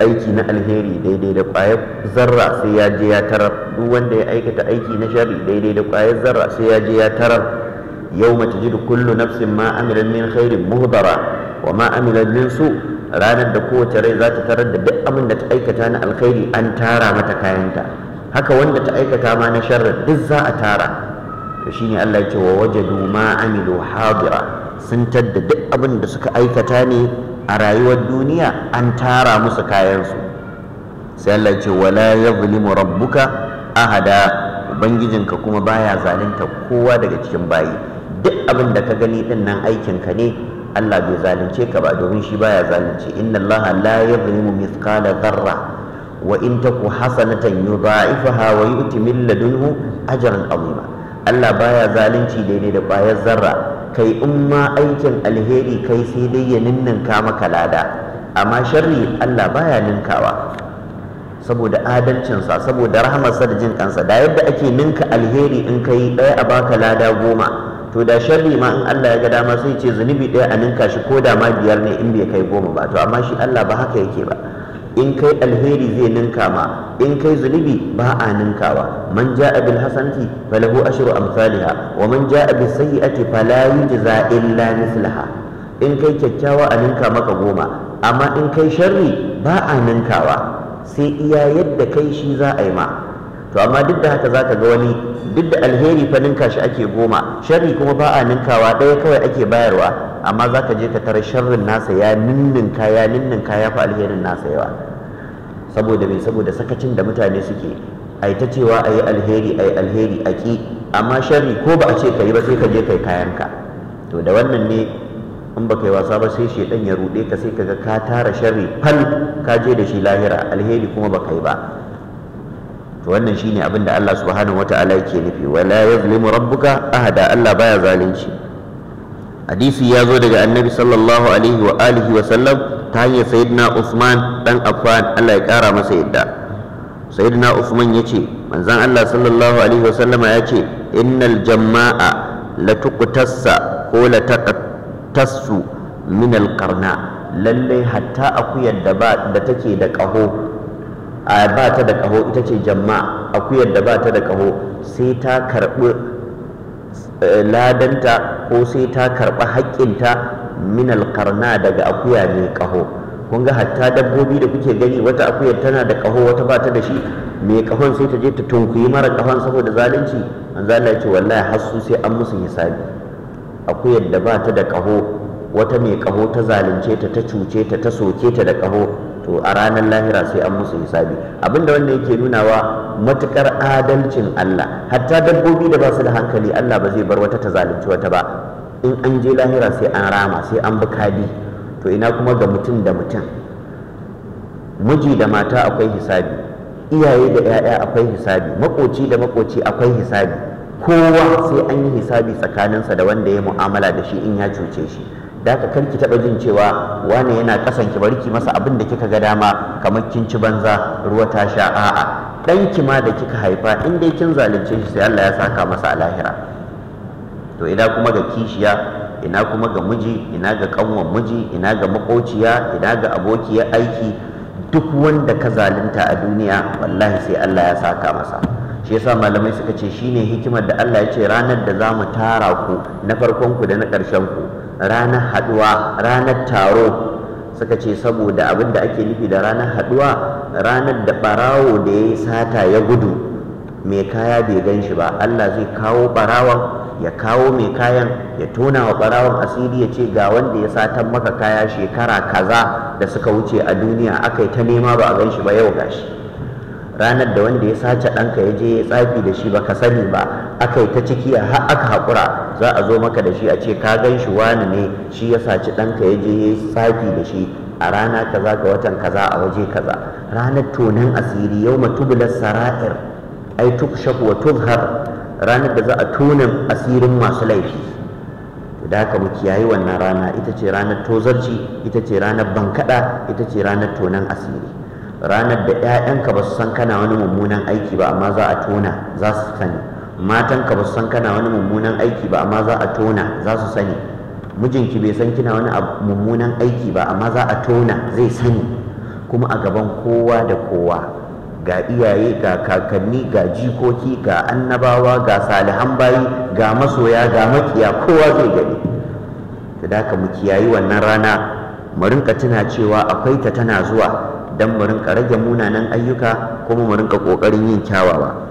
aiki na alheri daidai da kwaya zarra sai ya je ya tarar duk wanda ya aikata aiki na sharri daidai da kwaya zarra sai ya je ya tarar yawma tajidu kullu nafsin ma amilat min khairin muhdara wa ma amilat min su ranar da kowace rai za ta tarar da duk abin da ta aikata na alkhairi an tara mata kayanta haka wanda ta aikata ma na sharri duk za a tara to shine Allah ya ce wa wajadu ma amilu hadira sun tadda duk abin da suka aikata ne a rayuwar duniya an tara musu kayansu sai Allah ya wala yazlimu rabbuka ahada ubangijinka kuma baya zalunta kowa daga cikin bayi duk abin da ka gani din nan aikinka ne Allah bai zalunce ka ba domin shi baya zalunce inna Allah la yadhlimu mithqala dharra wa in taku hasanatan yudha'ifaha wa yu'ti min ladunhu ajran 'azima Allah baya zalunci daidai da bayan zarra kai in ma aikin alheri kai sai dai ya ninninka maka lada amma sharri Allah baya ninkawa saboda adalcinsa saboda rahamarsa da jin kansa da yadda ake ninka alheri in kai ɗaya a baka lada goma to da sharri ma in Allah ya ga dama sai ce zunubi ɗaya a ninka shi ko da ma biyar ne in bai kai goma ba to amma shi Allah ba haka yake ba in kai alheri zai ninka ma in kai zunubi ba a ninkawa man ja'a bil hasanati falahu ashru amsalha wa man ja'a bis sayyi'ati fala yujza illa mislaha in kai kyakkyawa a ninka maka goma amma in kai sharri ba a ninkawa sai iya yadda kai shi za a yi ma to amma duk da haka zaka ga wani duk da alheri fa ninka shi ake goma sharri kuma ba a ninkawa ɗaya kawai ake bayarwa amma zaka je ka tara sharrin nasa ya ninninka ya ninninka ya fa alherin nasa yawa saboda me saboda sakacin da mutane suke ai ta cewa ayi alheri ayi alheri a ki amma sharri ko ba a ce kai ba sai ka je kai ka to da wannan ne in baka yi wasa ba sai shedan ya ruɗe ka sai kaga ka tara sharri fal ka je da shi lahira alheri kuma baka yi ba to wannan shine abin da Allah subhanahu wataala yake nufi wala yazlimu rabbuka ahada Allah baya zalunci hadisi ya zo daga annabi sallallahu alaihi wa alihi wa sallam ta hanyar sayyidina Usman dan Affan Allah ya kara masa yadda sayyidina Usman yace manzon Allah sallallahu alaihi wa sallama yace innal jama'a la tuqtassa ko la taqtassu min lallai lalle hatta akuyar da ba da take da ƙaho. a ba ta da kaho ita ce jamma akuyar da ba ta da kaho sai ta karɓi eh, ladanta ko sai ta karɓi haƙƙinta min alƙarna daga akuya mai kaho kun ga hatta dabbobi da kuke gani wata akuyar tana da kaho wata ba ta da shi mai kahon sai ta je ta tunkuyi mara kahon saboda zalunci an Allah ce wallahi har su sai an musu hisabi akuyar da ba ta da kaho wata mai kaho ta zalunce ta ta cuce ta ta soke ta da kaho to a ranar lahira sai an musu hisabi abinda wannan yake wa matukar adalcin Allah hatta dabbobi da ba su da hankali Allah ba zai bar wata ta zalunci wata ba in an je lahira sai an rama sai an bi to ina kuma ga mutum da mutum miji da mata akwai hisabi iyaye da 'ya'ya akwai hisabi makoci da makoci akwai hisabi kowa sai an yi hisabi tsakaninsa da wanda ya mu'amala da shi in ya cuce shi da haka karki ki taɓa jin cewa wane yana ƙasan ki bari ki masa abin da kika ga dama kamar kin ci banza ruwa ta sha a'a dan ki ma da kika haifa in dai kin zalunce shi sai Allah ya saka masa a lahira to ina kuma ga kishiya ina kuma ga miji ina ga kanwan miji ina ga makociya ina ga abokiyar aiki duk wanda ka zalunta a duniya wallahi sai Allah ya saka masa shi yasa malamai suka ce shine hikimar da Allah ya ce ranar da za mu tara ku na farkon ku da na karshen ku ranar haduwa ranar taro suka ce saboda abin da ake nufi da ranar haduwa ranar da barawo da ya yi sata ya gudu mai kaya bai gan shi ba Allah zai kawo barawon ya kawo mai kayan ya tona wa barawon asiri ya ce ga wanda ya satan maka kaya shekara kaza da suka wuce a duniya aka yi ta nema ba a gan shi ba yau gashi ranar da wanda ya sace ɗanka ya je ya tsafi da shi ba ka sani ba aka yi ta ciki har aka haƙura za a zo maka da shi a ce ka gan shi wani ne shi ya saci ɗanka ya je ya saki da shi a rana kaza ga watan kaza a waje kaza ranar tonin asiri yau matubular sara'ir ai shaku wa tuzhar ranar da za a tona asirin masu laifi to da haka mu kiyaye wannan rana ita ce ranar tozarci ita ce ranar bankada ita ce ranar tonan asiri ranar da 'ya'yanka ba su san kana wani mummunan aiki ba amma za a tona za su sani matanka ba su san kana wani mummunan aiki ba amma za a tona za su sani mijinki bai san kina wani mummunan aiki ba amma za a tona zai sani kuma a gaban kowa da kowa ga iyaye ga kakanni ga jikoki ga annabawa ga salihan bayi ga masoya ga makiya kowa zai gani da haka mu kiyayi wannan rana mu rinka tuna cewa akwai ta tana zuwa don mu rinka rage munanan ayyuka kuma mu rinka kokarin yin kyawawa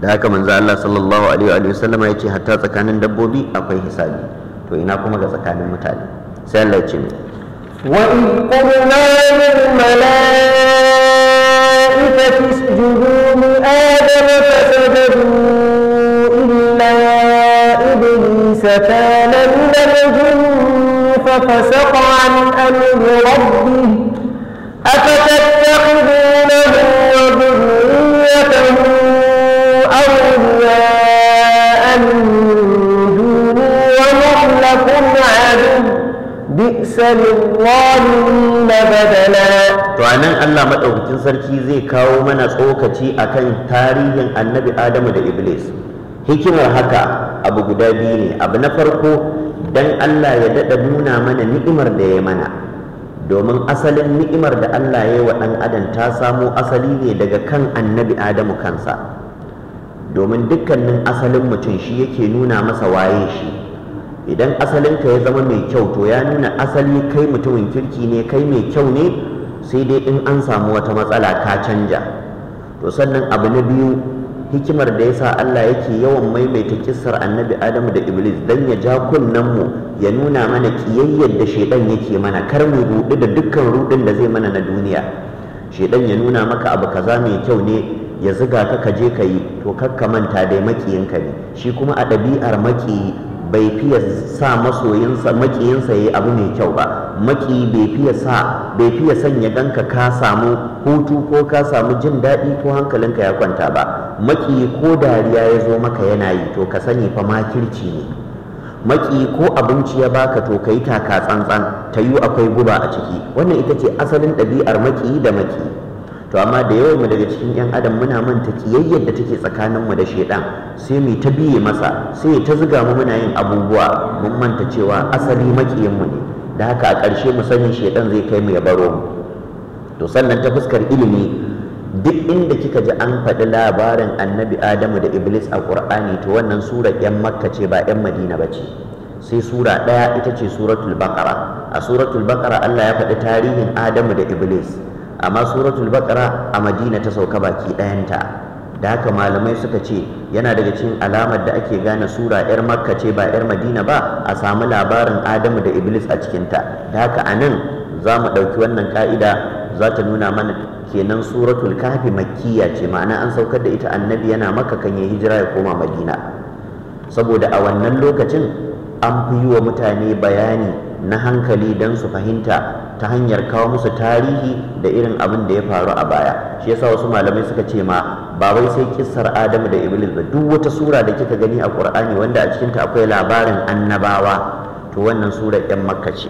da haka manzo Allah sallallahu alaihi wa sallama yace hatta tsakanin dabbobi akwai hisabi to ina kuma ga tsakanin mutane sai Allah yace ce wa in qulna lil malaikati isjudu li adama fasajadu illa iblis kana min al-jinn fa fasaqa an amri rabbih للظالمين to anan Allah madaukakin sarki zai kawo mana tsokaci akan tarihin annabi Adamu da Iblis hikimar haka abu guda biyu ne abu na farko dan Allah ya dada nuna mana ni'imar da ya mana domin asalin ni'imar da Allah ya yi wa ɗan adam ta samo asali ne daga kan annabi Adamu kansa domin dukkanin asalin mutum shi yake nuna masa waye shi idan asalinka ya zama mai kyau to ya nuna asali kai mutumin kirki ne kai mai kyau ne sai dai in an samu wata matsala ka canja to sannan abu na biyu hikimar da yasa Allah yake yawan maimaita kissar annabi Adamu da Iblis dan ya ja kunnen mu ya nuna mana kiyayyar da shedan yake mana kar mu rudu da dukkan rudin da zai mana na duniya shedan ya nuna maka abu kaza mai kyau ne ya ziga ka kaje ka yi to kakka manta dai makiyinka ne shi kuma a ɗabi'ar makiyi bai fiye sa masoyinsa makiyinsa yi abu mai kyau ba maki bai fiye sa bai sanya ganka ka samu hutu ko ka samu jin daɗi ko hankalinka ya kwanta ba maki ko dariya ya zo maka yana yi to ka sani fa makirci ne maki ko abinci ya baka to ka yi taka tsantsan ta yi akwai guba a ciki wannan ita ce asalin ɗabi'ar maki da maki to amma da yawan mu daga cikin yan adam muna manta kiyayyar da take tsakanin mu da shedan sai mu ta biye masa sai ta zuga mu muna yin abubuwa mun manta cewa asali makiyin mu ne da haka a ƙarshe mu sani shedan zai kai mu ya baro mu to sannan ta fuskar ilimi duk inda kika ji an faɗi labarin annabi adamu da iblis a ƙur'ani to wannan surar 'yan makka ce ba 'yan madina ba ce sai sura ɗaya ita ce suratul bakara a suratul bakara allah ya faɗi tarihin adamu da iblis amma suratul baqara a madina ta sauka baki ɗayanta da haka malamai suka ce yana daga cikin alamar da ake gane sura 'yar makka ce ba 'yar madina ba a samu labarin adamu da iblis a cikinta da haka a nan za mu ɗauki wannan ka'ida za ta nuna mana kenan suratul kafi makkiya ce ma'ana an saukar da ita annabi yana makka kan ya hijira ya koma madina saboda a wannan lokacin an fi yi wa mutane bayani na hankali don su fahimta ta hanyar kawo musu tarihi da irin abin da ya faru a baya shi yasa wasu malamai suka ce ma ba wai sai kissar Adamu da Iblis ba duk wata sura da kika gani a ƙur'ani wanda a cikinta akwai labarin annabawa to wannan sura 'yan Makka ce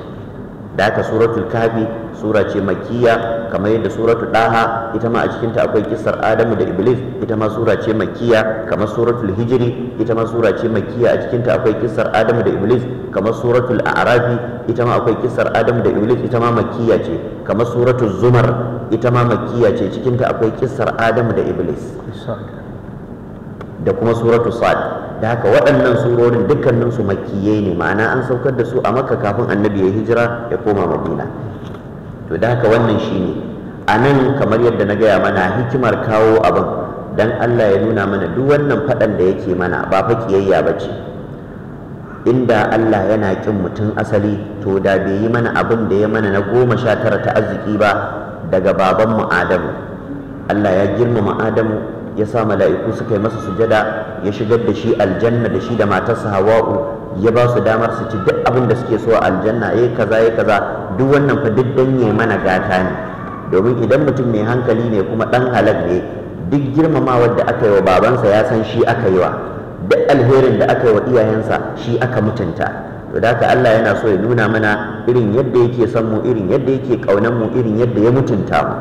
da haka suratul kahfi sura ce makkiya kamar yadda suratul daha ita ma a cikin ta akwai kissar adamu da iblis ita ma sura ce makkiya kamar suratul hijri ita ma sura ce makkiya a cikin ta akwai kissar adamu da iblis kamar suratul a'rafi ita ma akwai kissar adamu da iblis ita ma makkiya ce kamar suratul zumar ita ma makkiya ce cikin ta akwai kissar adamu da iblis da kuma suratu sad da haka waɗannan surorin dukkanin su ne ma'ana an saukar da su a maka kafin annabi ya hijira ya koma madina to da haka wannan shine a nan kamar yadda na gaya mana hikimar kawo abin dan Allah ya nuna mana duk wannan faɗan da yake mana ba fa kiyayya ba ce inda Allah yana ƙin mutum asali to da bai yi mana abin da ya mana na goma sha tara ta arziki ba daga babanmu Adamu Allah ya girmama Adamu ya sa mala'iku suka yi masa sujada ya shigar da shi aljanna da shi da matarsa hawa'u ya ba su damar su ci duk abin da suke so a aljanna ya eh, kaza ya eh, kaza duk wannan fa duk dan ya mana gata ne domin idan mutum mai hankali ne kuma dan halak ne duk girmamawar da aka yi wa babansa ya san shi aka yi wa duk alherin da aka yi wa iyayensa shi aka mutunta to da haka Allah yana so ya nuna mana irin yadda yake son mu irin yadda yake kaunan mu irin yadda ya mutunta mu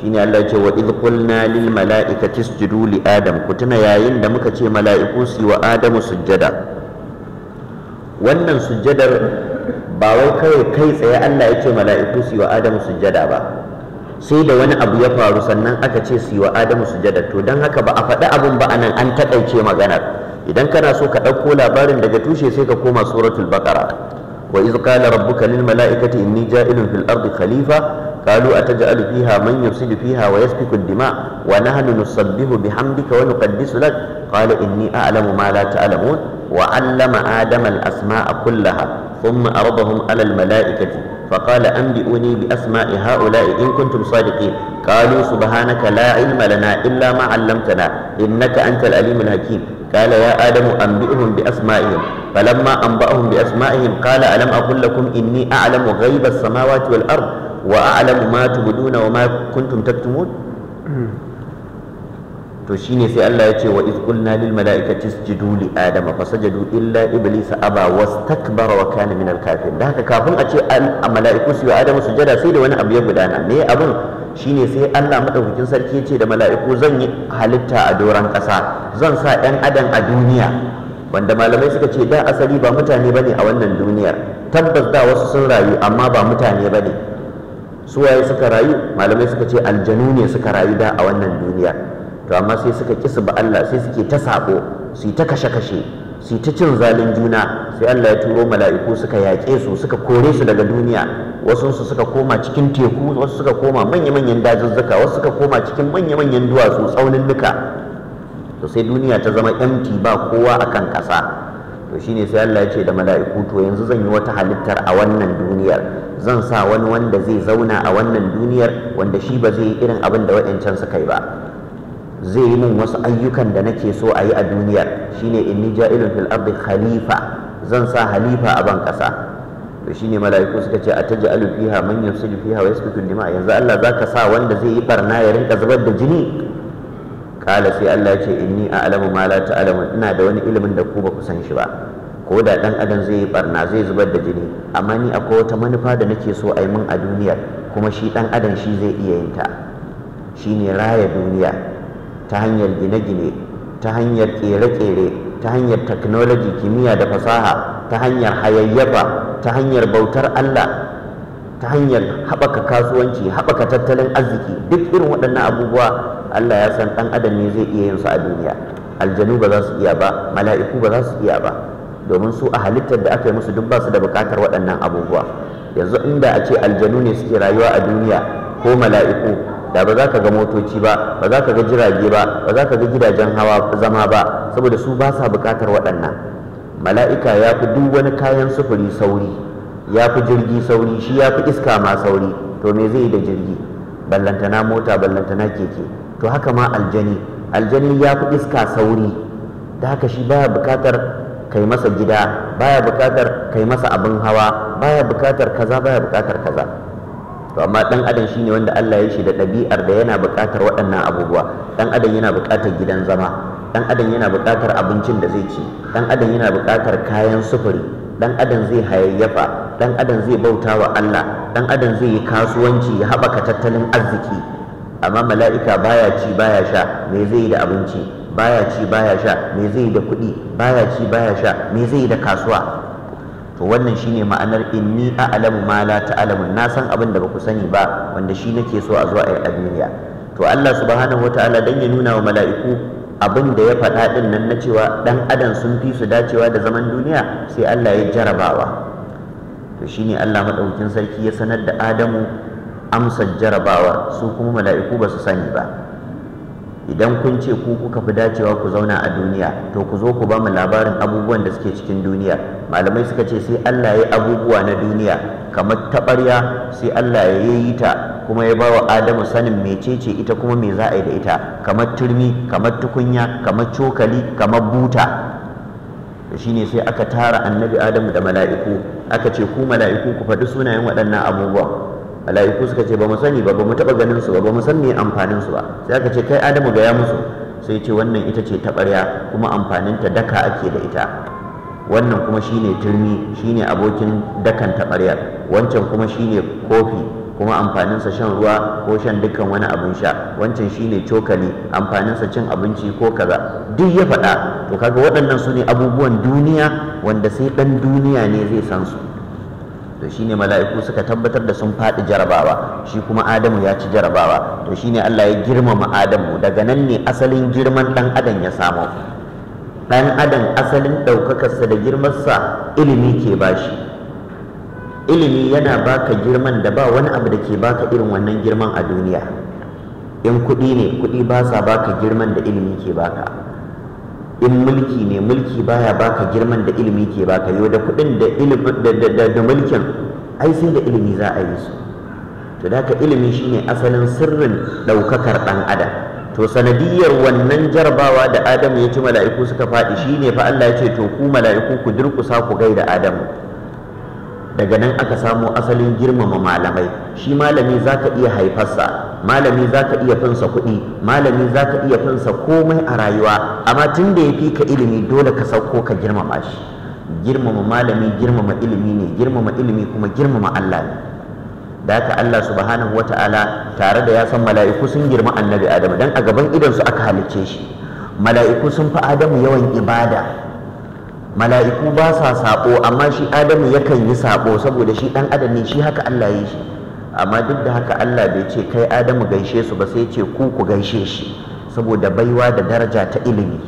shine Allah ce wa idh qulna lil mala'ikati isjudu li adam ku tuna yayin da muka ce mala'iku su wa adamu sujjada wannan sujjadar ba wai kawai kai tsaye Allah ya ce mala'iku su wa adamu sujjada ba sai da wani abu ya faru sannan aka ce su wa adamu sujjada to dan haka ba a faɗi abun ba anan an taƙaice maganar idan kana so ka ɗauko labarin daga tushe sai ka koma suratul baqara wa idh qala rabbuka lil mala'ikati inni ja'ilun fil ardi khalifa قالوا أتجعل فيها من يفسد فيها ويسفك الدماء ونحن نسبح بحمدك ونقدس لك قال إني أعلم ما لا تعلمون وعلم آدم الأسماء كلها ثم أرضهم على الملائكة فقال أنبئوني بأسماء هؤلاء إن كنتم صادقين قالوا سبحانك لا علم لنا إلا ما علمتنا إنك أنت الأليم الحكيم قال يا آدم أنبئهم بأسمائهم فلما أنبأهم بأسمائهم قال ألم أقل لكم إني أعلم غيب السماوات والأرض wa a'lamu ma tubduna wa ma kuntum taktumun to shine sai Allah ya ce wa iz qulna lil mala'ikati isjudu li adama fasajadu illa Iblis aba wastakbara wa kana min al kafirin da haka kafin a ce a mala'iku su yi adama sujada sai da wani abu ya gudana me abin shine sai Allah madaukakin sarki ya ce da mala'iku zan yi halitta a doran ƙasa zan sa ɗan adam a duniya wanda malamai suka ce da asali ba mutane bane a wannan duniyar tabbas da wasu sun rayu amma ba mutane bane su waye suka rayu malamai suka ce aljanu ne suka rayu da a wannan duniya to amma sai suka ki su ba Allah sai suke ta sako su ta kashe-kashe su ta cin zalin juna sai Allah ya turo mala'iku suka yake su suka kore su daga duniya wasu su suka koma cikin teku wasu suka koma manya-manyan dazuzzuka wasu suka koma cikin manya-manyan duwatsu tsaunin duka to sai duniya ta zama empty ba kowa akan kasa. to shine sai Allah ya ce da mala'iku to yanzu zan yi wata halittar a wannan duniyar zan sa wani wanda zai zauna a wannan duniyar wanda shi ba zai yi irin abin da waɗancan suka yi ba zai yi min wasu ayyukan da nake so a yi a duniyar shine inni ja'ilun fil ardi khalifa zan sa halifa a ban ƙasa to shine mala'iku suka ce a taj'alu fiha man yufsidu fiha wa yasfiku dima yanzu Allah zaka sa wanda zai yi barna ya rinka zubar da jini kala sai Allah ce inni a alamu ma la ta'lamu ina da wani ilimin da ku ba ku san shi ba ko da dan adam zai yi barna zai zubar da jini amma ni akwai wata manufa da nake so a yi min a duniyar kuma shi dan adam shi zai iya yin ta shine raya duniya ta hanyar gine-gine ta hanyar kere-kere ta hanyar technology kimiyya da fasaha ta hanyar hayayyafa ta hanyar bautar Allah ta hanyar haɓaka kasuwanci haɓaka tattalin arziki duk irin waɗannan abubuwa Allah ya san ɗan adam ne zai iya yin su a duniya aljanu ba za su iya ba mala'iku ba za su iya ba domin su a halittar da aka yi musu duk ba su da buƙatar waɗannan abubuwa yanzu inda a ce aljanu ne suke rayuwa a duniya ko mala'iku da ba za ka ga motoci ba ba za ka ga jirage ba ba za ka ga gidajen hawa zama ba saboda su ba sa buƙatar waɗannan mala'ika ya fi duk wani kayan sufuri sauri ya fi jirgi sauri shi ya fi iska ma sauri to me zai yi da jirgi ballantana mota ballantana keke to haka ma aljani aljani ya fi iska sauri da haka shi baya bukatar kai masa gida baya bukatar kai masa abin hawa baya bukatar kaza baya bukatar kaza to amma dan adam shine wanda Allah ya shi da dabi'ar da yana bukatar waɗannan abubuwa dan adam yana bukatar gidan zama dan adam yana bukatar abincin da zai ci dan adam yana bukatar kayan sufuri dan adam zai hayayyafa dan adam zai bauta wa Allah dan adam zai yi kasuwanci ya haɓaka tattalin arziki amma mala'ika baya ci baya sha me zai yi da abinci baya ci baya sha me zai yi da kuɗi baya ci baya sha me zai yi da kasuwa to wannan shine ma'anar inni a'lamu ma la ta'lamu na san abin da baku sani ba wanda shi nake so a zuwa a duniya to Allah subhanahu wataala dan ya nuna wa mala'iku abin da ya faɗa din nan na cewa dan adam sun fi su dacewa da zaman duniya sai Allah ya jarabawa to shi ne Allah maɗaukin sarki ya sanar da Adamu amsar jarabawar su kuma mala'iku ba su sani ba idan kun ce ku kuka fi dacewa ku zauna a duniya to ku zo ku ba mu labarin abubuwan da suke cikin duniya malamai suka ce sai Allah ya yi abubuwa na duniya kamar taɓarya sai Allah ya yi ta kuma ya bawa Adamu sanin mecece ita kuma me za a yi da ita kamar turmi kamar tukunya kamar cokali kamar buta shine sai aka tara annabi adamu da mala'iku aka ce ku mala'iku ku faɗi sunayen waɗannan abubuwa mala'iku suka ce ba mu sani ba ba mu taɓa ganin su ba ba mu san meye amfanin su ba sai aka ce kai adamu gaya musu sai ce wannan ita ce taɓarya kuma amfaninta daka ake da ita wannan kuma shine turmi shine abokin dakan taɓaryar wancan kuma shine kofi kuma sa shan ruwa ko shan dukkan wani abin sha wancan shine cokali amfaninsa cin abinci ko kaza duk ya faɗa to kaga waɗannan su ne abubuwan duniya wanda sai ɗan duniya ne zai san su to shine mala'iku suka tabbatar da sun faɗi jarabawa shi kuma adamu ya ci jarabawa to shine Allah ya girmama adamu daga nan ne asalin girman ɗan adam ya samu ɗan adam asalin ɗaukakarsa da girmarsa ilimi ke bashi ilimi yana baka girman da ba wani abu da ke baka irin wannan girman a duniya in kuɗi ne kuɗi ba sa baka girman da ilimi ke baka in mulki ne mulki baya baka girman da ilimi ke baka yau da kuɗin da da mulkin ai sai da ilimi za a yi su to da ka ilimi shine asalin sirrin ɗaukakar ɗan adam to sanadiyar wannan jarabawa da adamu ya ci mala'iku suka faɗi shine fa Allah ya ce to ku mala'iku ku durƙusa ku gaida adamu daga nan aka samo asalin girmama malamai shi malami za ka iya haifarsa malami za ka iya finsa kuɗi malami za ka iya finsa komai a rayuwa amma tun da ya fi ka ilimi dole ka sauko ka girmama shi girmama malami girmama ilimi ne girmama ilimi kuma girmama Allah ne da haka Allah subhanahu ta'ala tare da ya san mala'iku sun girma annabi Adamu dan a gaban idan su aka halicce shi mala'iku sun fi Adamu yawan ibada mala'iku ba sa saɓo amma shi adamu yakan yi saɓo saboda shi dan adam ne shi haka Allah ya shi amma duk da haka Allah bai ce kai adamu gaishe su ba sai ce ku ku gaishe shi saboda baiwa da daraja ta ilimi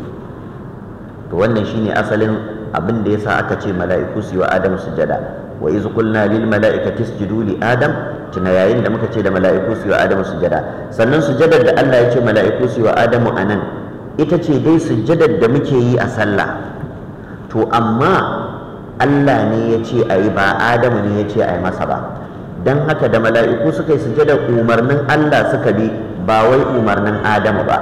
to wannan shine asalin abin da yasa aka ce mala'iku su yi wa adamu sujada wa iz qulna lil mala'ikati isjudu li adam tuna yayin da muka ce da mala'iku su yi wa adamu sujada sannan sujadar da Allah ya ce mala'iku su yi wa adamu anan ita ce dai sujadar da muke yi a sallah to amma Allah ne ya ce a yi ba Adamu ne ya ce a yi masa ba don haka da mala'iku suka yi sujada umarnin Allah suka bi ba wai umarnin Adamu ba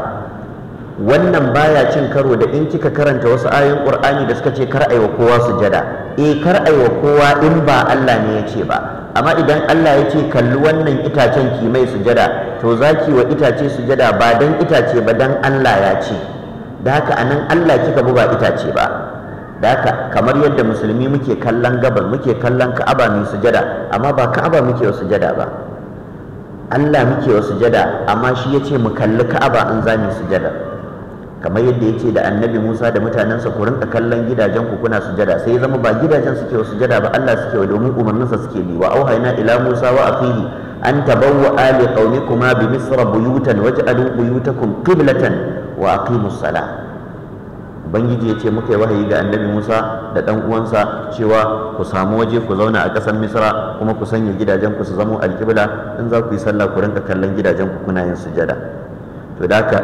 wannan baya cin karo da in kika karanta wasu ayoyin ƙur'ani da suka ce kar aiwa kowa sujada E, eh, kar aiwa kowa in ba Allah ne ya ce ba amma idan Allah ya ce kalli wannan itacen ki mai sujada to zaki wa itace sujada ba dan itace ba dan Allah ya ce da haka anan Allah kika buga itace ba da haka kamar yadda musulmi muke kallon gabar muke kallon ka'aba mai sujada amma ba ka'aba muke wa sujada ba Allah muke wa sujada amma shi ya ce mu kalli ka'aba an za mu sujada kamar yadda ya ce da annabi Musa da mutanensa ku rinka kallon gidajen ku kuna sujada sai ya zama ba gidajen suke wa sujada ba Allah suke wa domin umarninsa suke bi wa auhayna ila Musa wa akhihi an tabawwa ali qaumikuma bi misra buyutan waj'alu buyutakum qiblatan wa aqimus salah ubangiji ya ce muka yi wahayi ga annabi musa da ɗan uwansa cewa ku samu waje ku zauna a ƙasar misra kuma ku sanya gidajen ku su zamo alƙibla in za ku yi sallah ku rinka kallon gidajen ku kuna yin sujada to da haka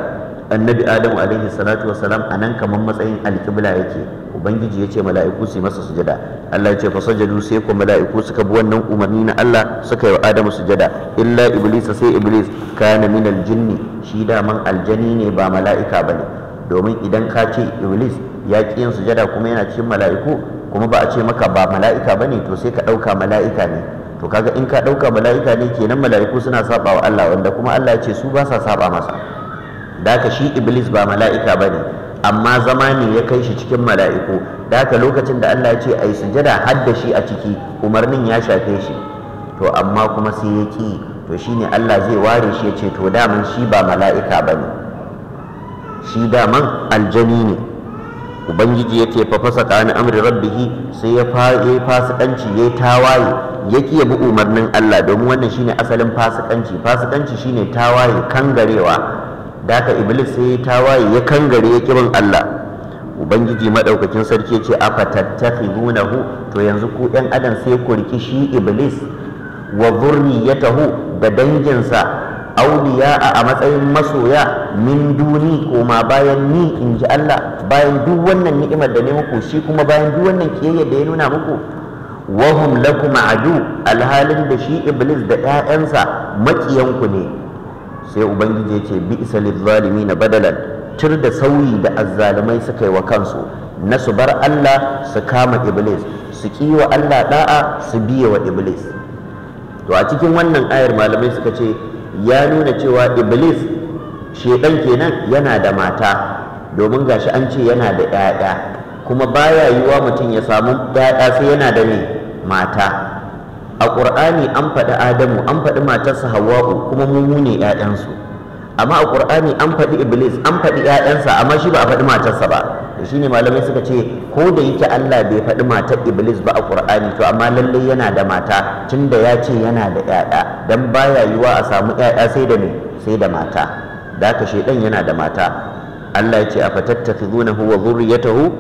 annabi adamu alaihi salatu wasalam a nan kamar matsayin alƙibla yake ubangiji ya ce mala'iku su yi masa sujada allah ya ce fa sajadu sai ku mala'iku suka bi wannan umarni na allah suka yi wa adamu sujada illa iblis sai iblis kana minal jinni shi daman aljani ne ba mala'ika bane domin idan ka ce iblis ya ƙi yin sujada kuma yana cikin mala'iku kuma ba a ce maka ba mala'ika ba ne to sai ka ɗauka mala'ika ne to kaga in ka ɗauka mala'ika ne kenan mala'iku suna saba wa Allah wanda kuma Allah ya ce su ba sa saba masa da haka shi iblis ba mala'ika ba ne amma zama ne ya kai shi cikin mala'iku da haka lokacin da Allah ya ce ai sujada har da shi a ciki umarnin ya shafe shi to amma kuma sai ya ƙi to shine Allah zai ware shi ya ce to daman shi ba mala'ika ba ne shi daman aljani ne ubangiji ya ce tsakanin fasaka amri rabbihi sai ya fasikanci ya tawaye ya ki bi umarnin Allah domin wannan shine asalin fasikanci fasikanci shine tawaye kangarewa daka iblis sai ya tawaye ya kangare ya kiban Allah ubangiji madaukakin sarki ya ce afatattakhidunahu to yanzu ku yan adam sai ku riki shi iblis wa zurriyatahu da danginsa auliya a matsayin masoya min duni koma bayan ni in ji Allah bayan duk wannan ni'imar da ne muku shi kuma bayan duk wannan kiyayya da ya nuna muku wahum lakum adu alhalin da shi iblis da 'ya'yansa makiyanku ne sai ubangiji ya ce bi isa na badalan tur da sauyi da azzalumai suka yi wa kansu na su bar Allah su kama iblis su kiwa Allah da'a su biye wa iblis to a cikin wannan ayar malamai suka ce ya nuna cewa iblis shekan kenan yana da mata domin gashi an ce yana da 'ya'ya kuma baya yiwa mutum ya samu 'ya'ya sai yana da ne mata a ƙur'ani an faɗi adamu an faɗi matarsa hawa'u kuma mu ne 'ya'yansu amma a ƙur'ani an faɗi iblis an faɗi 'ya'yansa amma shi ba a faɗi matarsa ba da ne malamai suka ce ko da yake Allah bai faɗi matar iblis ba a ƙur'ani to amma lallai yana da mata tunda ya ce yana da ƴaƴa dan baya yiwa a samu ƴaƴa sai da me sai da mata da haka shedan yana da mata Allah ya ce a fatattakhizunahu wa dhurriyyatahu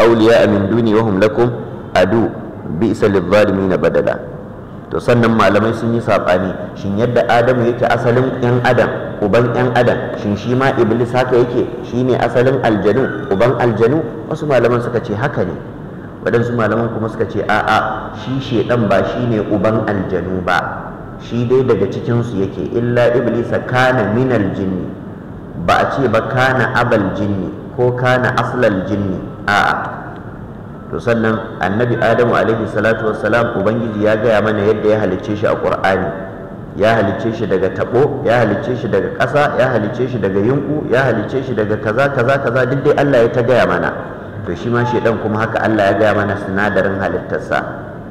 awliya'a min duni wa hum lakum adu isa lidh na badala to sannan malamai sun yi saɓani shin yadda adamu yake asalin yan adam uban 'yan adam shin shi ma iblis haka yake shi ne asalin aljanu uban aljanu wasu malaman suka ce haka ne waɗansu malaman kuma suka ce a'a shi shedan ba shi ne uban aljanu ba shi dai daga cikinsu yake illa iblis kana minal jini, ba a ce ba kana abal jini, ko kana aslal jinni a'a to sannan annabi adamu alaihi salatu wassalam ubangiji ya gaya mana yadda ya halicce shi a qur'ani ya halicce shi daga tabo ya halicce shi daga ƙasa ya halicce shi daga yunku ya halicce shi daga kaza kaza kaza duk dai Allah ya ta gaya mana to shi ma shi dan kuma haka Allah ya gaya mana sinadarin halittarsa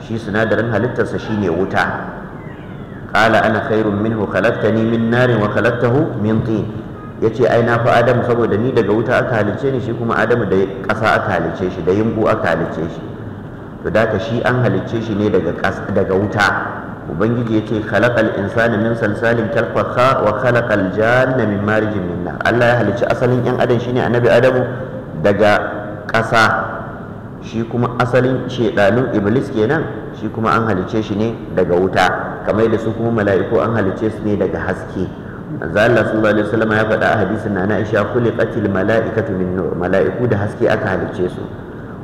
shi sinadarin halittarsa shine wuta qala ana khairun minhu khalaqtani min narin wa khalaqtahu min tin yace ai na fa Adamu saboda ni daga wuta aka halicce ni shi kuma Adamu da ƙasa aka halicce shi da yunku aka halicce shi to da shi an halicce shi ne daga daga wuta ubangiji ya ce khalaqal insani min salsalin kal wa khalaqal janna min marijin min nar Allah ya halicci asalin yan adam shine annabi adamu daga ƙasa shi kuma asalin shedanun iblis kenan shi kuma an halicce shi ne daga wuta kamar da su kuma mala'iku an halicce su ne daga haske manzo Allah sallallahu alaihi wasallam ya faɗa a hadisin na Aisha khuliqatil mala'ikatu min nur mala'iku da haske aka halicce su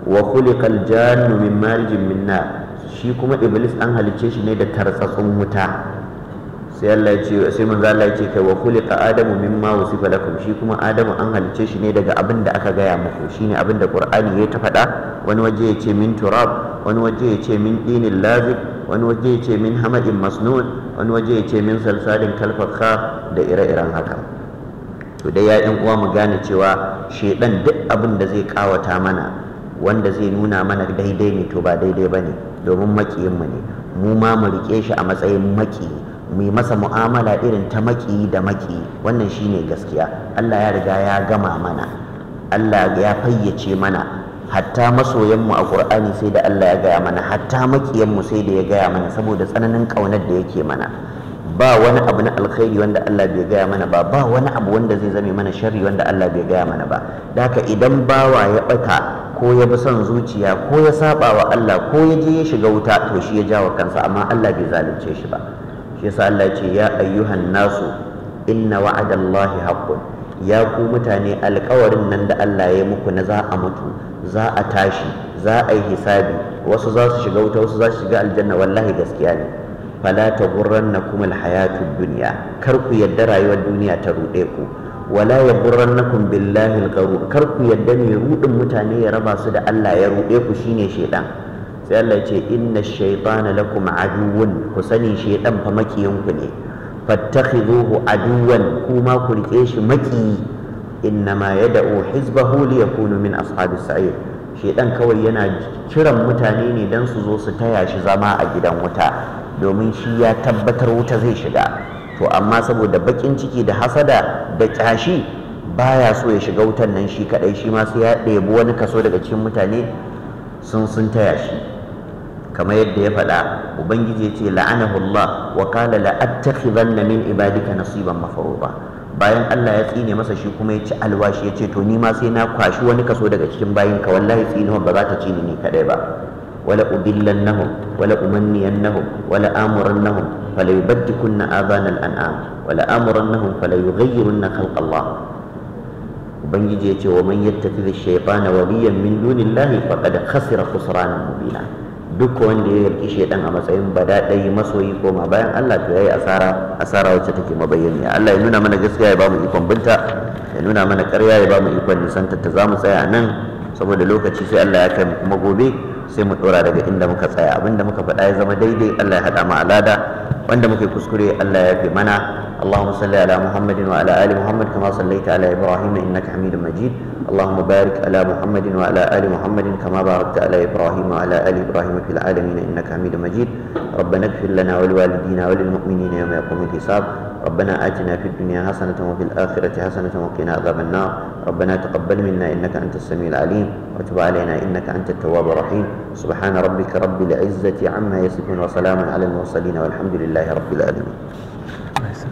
wa khuliqal jannu min marijin min nar shi kuma iblis an halicce shi ne da tartsatsun wuta sai Allah ya ce sai manzo Allah ya ce kai wa khuliqa adamu mimma wasifa lakum shi kuma adamu an halicce shi ne daga abin da aka gaya muku shine abin da qur'ani ya ta faɗa wani waje ya ce min turab wani waje ya ce min dinil lazib wani waje ya ce min hamadin masnun wani waje ya ce min salsalin kalfakha da ire-iren haka to dai ya yan uwa mu gane cewa shedan duk abin da zai kawata mana wanda zai nuna mana daidai ne to ba daidai bane domin maƙiyinmu ne mu ma mu riƙe shi a matsayin makiyi, mu yi masa mu'amala irin ta makiyi da makiyi. wannan shi ne gaskiya Allah ya riga ya gama mana Allah ya fayyace mana hatta masoyanmu a Qur'ani sai da Allah ya gaya mana hatta maƙiyanmu sai da ya gaya mana saboda tsananin ƙaunar da yake mana ba wani abu na alkhairi wanda Allah bai gaya mana ba ba wani abu wanda zai zame mana sharri wanda Allah bai gaya mana ba da haka idan bawa ya ɓata ko ya bi son zuciya ko ya saba wa Allah ko ya je ya shiga wuta to shi ya jawo kansa amma Allah bai zalunce shi ba shi yasa Allah ce ya ayyuhan nasu inna wa'adallahi haqqun ya ku mutane alƙawarin nan da Allah ya muku na za a mutu za a tashi za a yi hisabi wasu za su shiga wuta wasu za su shiga aljanna wallahi gaskiya ne fala taghurrannakum alhayatud dunya kar ku yadda rayuwar duniya ta ruɗe ku wala ya burrannakum billahi algharur kar ku yadda mai rudin mutane ya raba su da Allah ya ruɗe ku shine shaidan sai Allah ya ce inna shaytana lakum aduwwun ku sani shaidan fa makiyanku ne fattakhidhuhu aduwwan kuma ku rike shi maki innama yad'u hizbahu liyakunu min ashabis sa'ir shaidan kawai yana kiran mutane ne dan su zo su taya shi zama a gidan wuta domin shi ya tabbatar wuta zai shiga to amma saboda bakin ciki da hasada da ƙyashi baya so ya shiga wutan nan shi kadai shi ma sai ya ɗebi wani kaso daga cikin mutane sun sun taya shi kamar yadda ya faɗa ubangiji ya ce la'anahullah wa qala la min ibadika nasiban mafruḍa bayan Allah ya tsine masa shi kuma ya ci alwashi ya ce to ni ma sai na kwashi wani kaso daga cikin bayinka wallahi tsinuwa ba za ta ci ni kadai ba ولأضلنهم ولأمنينهم ولآمرنهم فليبدكن آذان الأنعام ولآمرنهم فليغيرن خلق الله ubangiji ya ce wa man yattakhidhi shaytana waliyan min dunillahi faqad khasira khusranan mubina duk wanda ya yarki shaytan a matsayin badadai masoyi ko ma bayan Allah to yayi asara asara wacce take mabayyani Allah ya nuna mana gaskiya ya ba mu ikon binta ya nuna mana ƙarya ya ba mu ikon nisan ta za mu tsaya nan saboda lokaci sai Allah ya kai mu kuma gobe sai mu dora daga inda muka tsaya abinda muka faɗa ya zama daidai Allah ya haɗa mu alada wanda muke kuskure Allah ya fi mana اللهم صل على محمد وعلى آل محمد كما صليت على إبراهيم إنك حميد مجيد اللهم بارك على محمد وعلى آل محمد كما باركت على إبراهيم وعلى آل إبراهيم في العالمين إنك حميد مجيد ربنا اغفر لنا ولوالدينا وللمؤمنين يوم يقوم الحساب ربنا آتنا في الدنيا حسنة وفي الآخرة حسنة وقنا عذاب النار ربنا تقبل منا إنك أنت السميع العليم وتب علينا إنك أنت التواب الرحيم سبحان ربك رب العزة عما يصفون وسلام على المرسلين والحمد لله رب العالمين